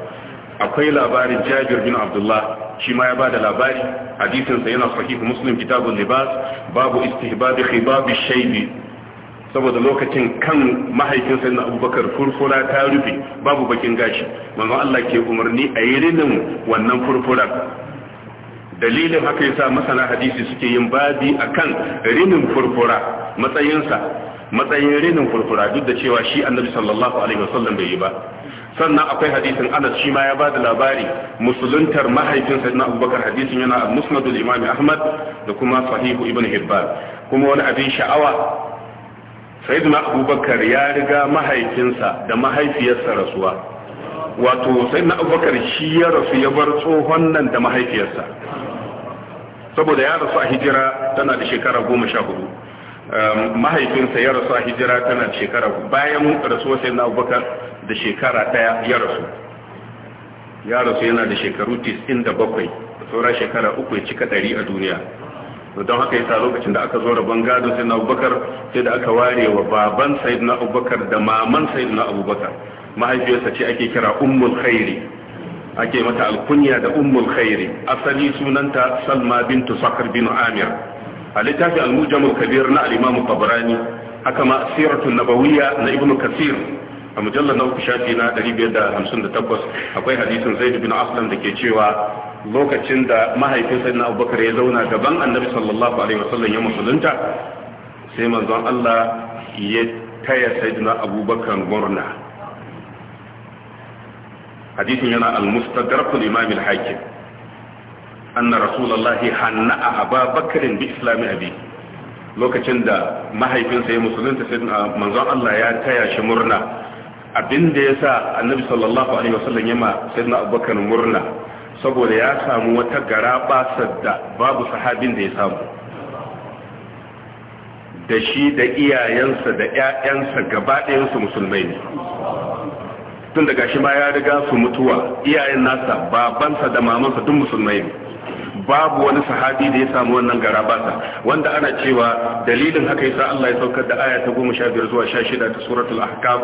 akwai labarin jabir bin abdullah shi ma ya bada labari hadisinsa yana sahih muslim kitabun libas babu istihbab khibab Shaibi. saboda lokacin kan mahaifin sai na abubakar furfura ta rufe babu bakin gashi manzon Allah ke umarni a yi rinin wannan furfura dalilin haka yasa masana hadisi suke yin babi akan rinin furfura matsayinsa matsayin rinin furfura duk da cewa shi annabi sallallahu alaihi wasallam bai yi ba sannan akwai hadisin Anas shi ma ya bada labari musuluntar mahaifinsa na Abubakar hadisin yana musnadul Imam Ahmad da kuma sahihu Ibn Hibban kuma wani abin sha'awa sayyidina abubakar ya riga mahaifinsa da mahaifiyarsa rasuwa wato sayyidina abubakar shi ya rasu ya bar tsohon nan da mahaifiyarsa saboda ya rasu a hijira tana da shekara goma sha hudu um, mahaifinsa ya rasu a hijira tana da shekara bayan rasuwa sayyidina abubakar da shekara daya ya rasu ya rasu yana da shekaru 97 saura shekara uku ya cika ɗari a duniya to don haka yasa lokacin da aka zo rabon gado sai na abubakar sai da aka ware wa baban na abubakar da maman na abubakar mahaifiyarsa ce ake kira ummul khairi ake mata alkunya da ummul khairi asali sunanta salma bintu sakar bin amir a littafi almujamul mujamul kabir na al-imam tabarani haka ma siratu nabawiyya na ibnu kasir a mujallar na uku shafi na 558 akwai hadisin zaid bin aslam da ke cewa lokacin da mahaifin sayyidina abubakar ya zauna gaban annabi sallallahu alaihi wasallam ya musulunta sai manzon Allah ya taya sayyidina abubakar murna hadisin yana al-mustadrak al-imam al-hakim anna rasulullahi hanna abubakar bi islami abi lokacin da mahaifinsa ya musulunta sai manzon Allah ya taya shi murna abinda da ya sa annabi sallallahu alaihi wasallam ya ma sayyidina abubakar murna saboda ya samu wata gara da babu sahabin da ya samu da shi da iyayensa da 'ya'yansa gaba ɗayansu musulmai ne tun daga shi ma ya riga su mutuwa iyayen nasa babansa da mamansa duk musulmai ne babu wani sahabi da ya samu wannan garabasa wanda ana cewa dalilin haka yasa Allah ya saukar da aya ta 15 zuwa 16 ta suratul ahkam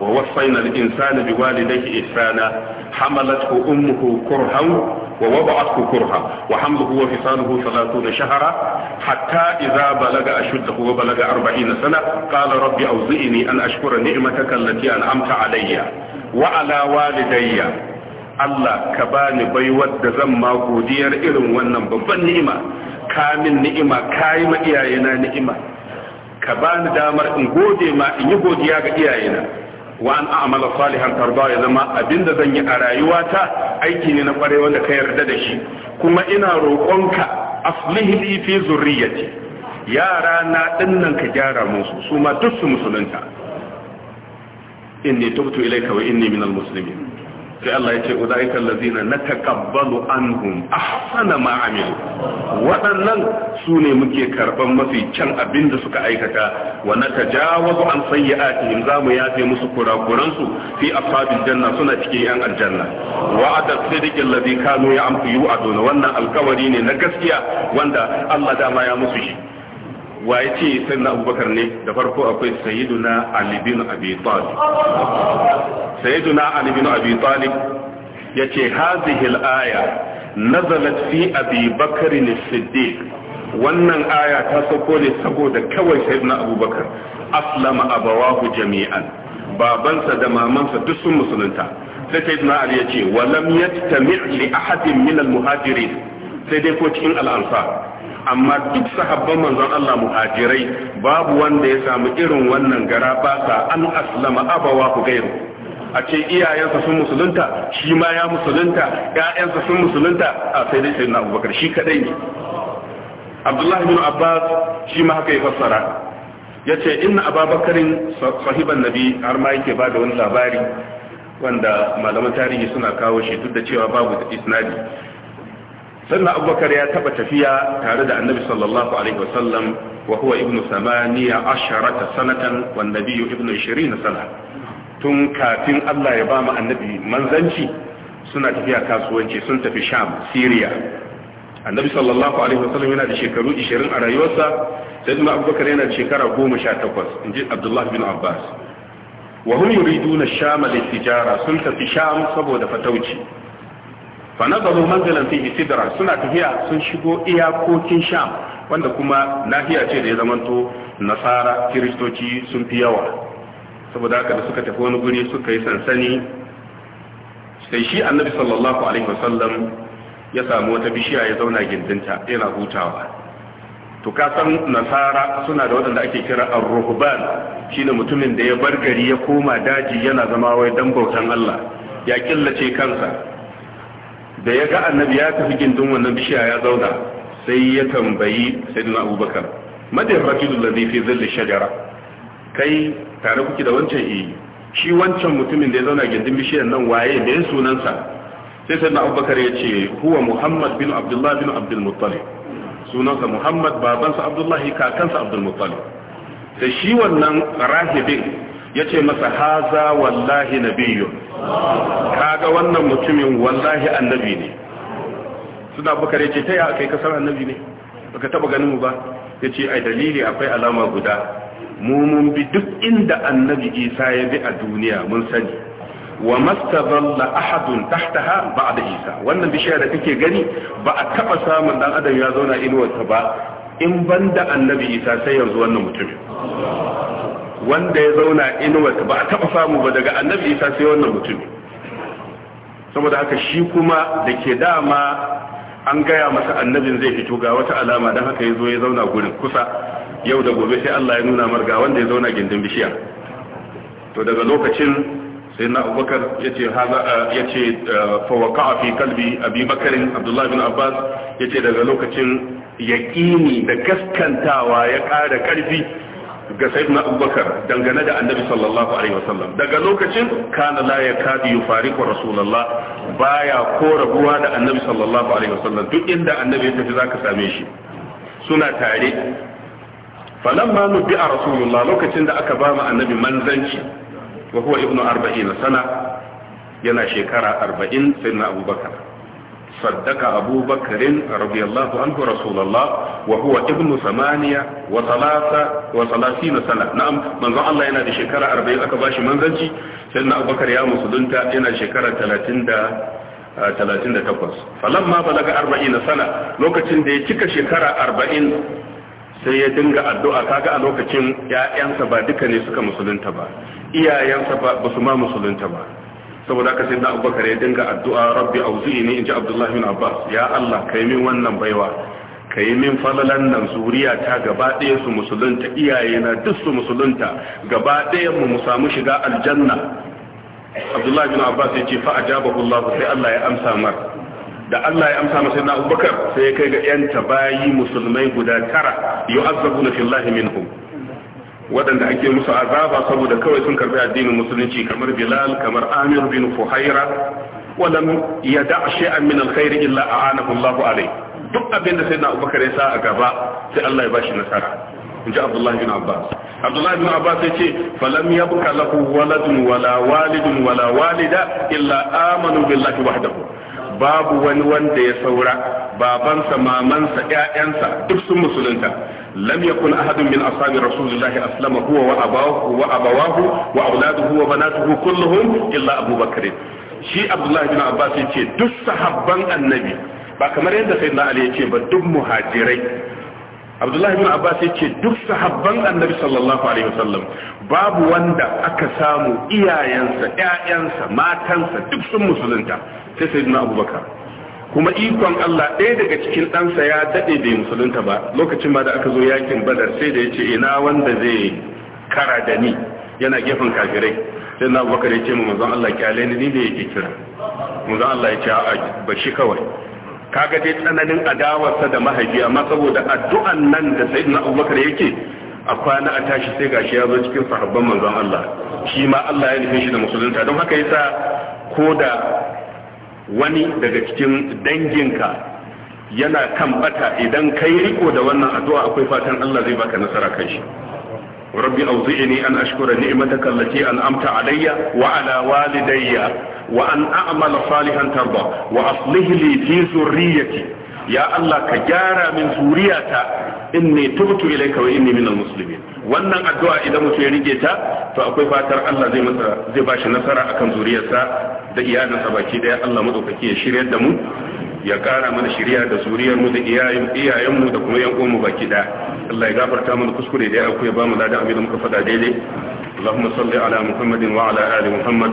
wa wasaina al-insana biwalidayhi ihsana hamalathu ummuhu kurhan wa wada'athu kurha wa hamluhu wa fisaluhu 30 shahra hatta idza balaga ashuddahu wa balaga 40 sana qala rabbi awzi'ni an ashkura ni'mataka allati an'amta alayya wa ala walidayya Allah ka bani baiwar da zan ma godiyar irin wannan babban ni'ima kamin ni'ima kayi ma iyayena ni'ima ka bani damar in gode ma in yi godiya ga iyayena wa an a'mala salihan tarda ya zama abinda zan yi a rayuwata aiki ne na kware wanda ka yarda da shi kuma ina roƙonka aslihi li fi yara na dinnan ka gyara musu su ma duk su musulunta inni tubtu ilayka wa inni minal muslimin sai Allah ya ce ulaika allazina na anhum ahsana ma amilu waɗannan su ne muke karɓan mafi can abin da suka aikata wa natajawazu an sayyi'atihim zamu yafe musu kurakuransu su fi ashabil janna suna cikin yan aljanna wa'ada sadiqil ladhi kanu ya'malu yu'aduna wannan alkawari ne na gaskiya wanda Allah dama ya musu shi wa ce sai na abubakar ne da farko akwai sayiduna bin abi talib sayiduna bin abi talib ya ce hazihil aya nazalat fi abi bakarin siddiq wannan aya ta sauko ne saboda kawai sayiduna abubakar aslama abawahu jami'an babansa da mamansa duk sun musulunta sai sayiduna ali ya ce walam yattami li ahadin min al muhajirin sai dai ko cikin al ansar amma duk sahabban manzon Allah muhajirai babu wanda ya samu irin wannan gara ba sa an aslama abawa ku gairu a ce iyayensa sun musulunta shi ma ya musulunta ƴaƴansa sun musulunta a sai dai sayyidina Abubakar shi kadai ne Abdullah ibn Abbas shi ma haka ya fassara yace inna Ababakarin sahiban nabi har ma yake bada wani labari wanda malaman tarihi suna kawo shi duk da cewa babu isnadi sannan abubakar ya taba tafiya tare da annabi sallallahu alaihi wasallam wa huwa ibnu samaniya asharata sanatan wa nabiyyu ibnu 20 sana tun kafin Allah ya ba annabi manzanci suna tafiya kasuwanci sun tafi sham syria annabi sallallahu alaihi wasallam yana da shekaru 20 a rayuwarsa sayyidina abubakar yana da shekara 18 inji abdullah bin abbas wa hum yuriduna sham litijara sun tafi sham saboda fatauci fa nazalu fihi sidra suna tafiya sun shigo iyakokin sham wanda kuma nahiya ce da ya zamanto nasara kiristoci sun fi yawa saboda haka da suka tafi wani guri suka yi sansani sai shi annabi sallallahu alaihi wasallam ya samu wata bishiya ya zauna gindinta yana hutawa to ka san nasara suna da waɗanda ake kira ar-ruhban shine mutumin da ya bar gari ya koma daji yana zama wai dan bautan Allah ya killace kansa da ya ga annabi ya tafi gindin wannan bishiya ya zauna sai ya tambayi sayyidina abubakar madin rajulul ladhi fi dhilli shajara kai tare kuke da wancan yi eh. shi wancan mutumin da ya zauna gindin bishiyar nan waye da sunansa sai sayyidina abubakar ya ce huwa muhammad bin abdullah bin abdul muttalib sunansa muhammad babansa abdullahi kakansa abdul muttalib da shi wannan rahibin ya ce masa haza wallahi nabiyu kaga wannan mutumin wallahi annabi ne suna bukari ce ta yi aka yi kasar annabi ne baka taba ganin mu ba ya ce ai dalili akwai alama guda mu mun bi duk inda annabi isa ya bi a duniya mun sani wa mastazalla ahadun tahtaha ba'da isa wannan bishiya da kake gani ba a taba samun dan adam ya zauna inuwarsa ba in banda annabi isa sai yanzu wannan mutumin wanda ya zauna inuwa ba a taba samu ba daga annabi isa sai wannan mutum saboda haka shi kuma da ke dama an gaya masa annabin zai fito ga wata alama don haka ya zo ya zauna gurin kusa yau da gobe sai Allah ya nuna marga wanda ya zauna gindin bishiya to daga lokacin sai na abubakar ya ce ya fawaka a fi kalbi abi bakarin abdullahi bin abbas ya ce daga lokacin yaƙini da gaskantawa ya ƙara ƙarfi ga sayyidina abubakar dangane da annabi sallallahu alaihi wasallam daga lokacin kana la ya kadi yufariqu rasulullah baya ko ruwa da annabi sallallahu alaihi wasallam duk inda annabi ya tafi zaka same shi suna tare falamma nubi'a rasulullah lokacin da aka bawa annabi manzanci wa huwa ibnu 40 sana yana shekara 40 sayyidina abubakar صدق أبو بكر رضي الله عنه رسول الله وهو ابن ثمانية وثلاثة وثلاثين سنة نعم من ظن الله ينادي شكرا أربعين أكباش منزلتي سيدنا أبو بكر يا مسلمتا ينادي شكرا ثلاثين دا 38 falamma balaga 40 sana lokacin da ya cika shekara 40 sai ya dinga addu'a kaga a lokacin ƴaƴansa ba duka ne suka musulunta ba iyayensa ba su ma musulunta ba saboda haka sai da abubakar ya dinga addu'a rabbi auzi'ini in ji abdullahi bin abbas ya allah ka yi min wannan baiwa ka yi min falalan nan zuriya ta gaba ɗaya su musulunta iyaye na duk su musulunta gaba ɗaya mu samu shiga aljanna abdullahi bin abbas ya ce fa ajabahu allah sai allah ya amsa mar da allah ya amsa masa na abubakar sai ya kai ga yan tabayi musulmai guda tara yu'azzabuna fillahi minhum waɗanda ake musu azaba saboda kawai sun karbi addinin musulunci kamar bilal kamar amir bin fuhaira walam ya da shay'an min alkhairi illa a'anahu Allah alai duk abin da sayyidina Abubakar ya sa a gaba sai Allah ya bashi nasara In inji Abdullahi bin Abbas Abdullahi bin Abbas yace falam yabqa lahu waladun wala walidun wala walida illa amanu billahi wahdahu babu wani wanda ya saura babansa mamansa ƴaƴansa duk sun musulunta lam yakun ahadun min ashabi rasulillahi aslama huwa wa abahu wa abawahu wa auladuhu wa banatuhu kulluhum illa abubakar shi abdullahi bin abbas yace duk sahabban annabi ba kamar yadda sayyidina ali ba duk muhajirai abdullahi bin abbas yace duk sahabban annabi sallallahu alaihi wasallam babu wanda aka samu iyayensa ya'yansa, matansa duk sun musulunta sai sayyidina abubakar kuma ikon Allah ɗaya daga cikin ɗansa ya daɗe bai musulunta ba lokacin ba da aka zo yakin badar sai da ya ce ina wanda zai kara da ni yana gefen kafirai sai na bakar ya ce mu mazan Allah alaini ni ne yake kira mazan Allah ya ce a ba shi kawai kaga dai tsananin adawarsa da mahaifi amma saboda addu'an nan da sayyidina Abubakar yake a kwana a tashi sai gashi ya zo cikin sahabban manzon Allah shi ma Allah ya nufe shi da musulunta don haka yasa ko da wani daga cikin danginka yana kan bata idan kai riko da wannan addu'a akwai fatan Allah zai baka nasara kan shi rabbi auzi'ni an ashkura ni'mataka allati an'amta alayya wa ala walidayya wa an a'mala salihan tarda wa aslih li fi zurriyyati ya Allah ka gyara min zuriyata inni tubtu ilayka wa inni minal muslimin wannan addu'a idan mutum ya rike ta to akwai fatar Allah zai masa zai bashi nasara akan zuriyarsa da iyalinsa baki daya Allah madaukaki ya shiryar da mu ya kara mana shirya da zuriyar mu da iyayen iyayen mu da kuma yan uwan mu baki daya Allah ya gafarta mana kuskure da ya ya ba mu ladan abin da muka faɗa daidai Allahumma salli ala Muhammadin wa ala ali Muhammad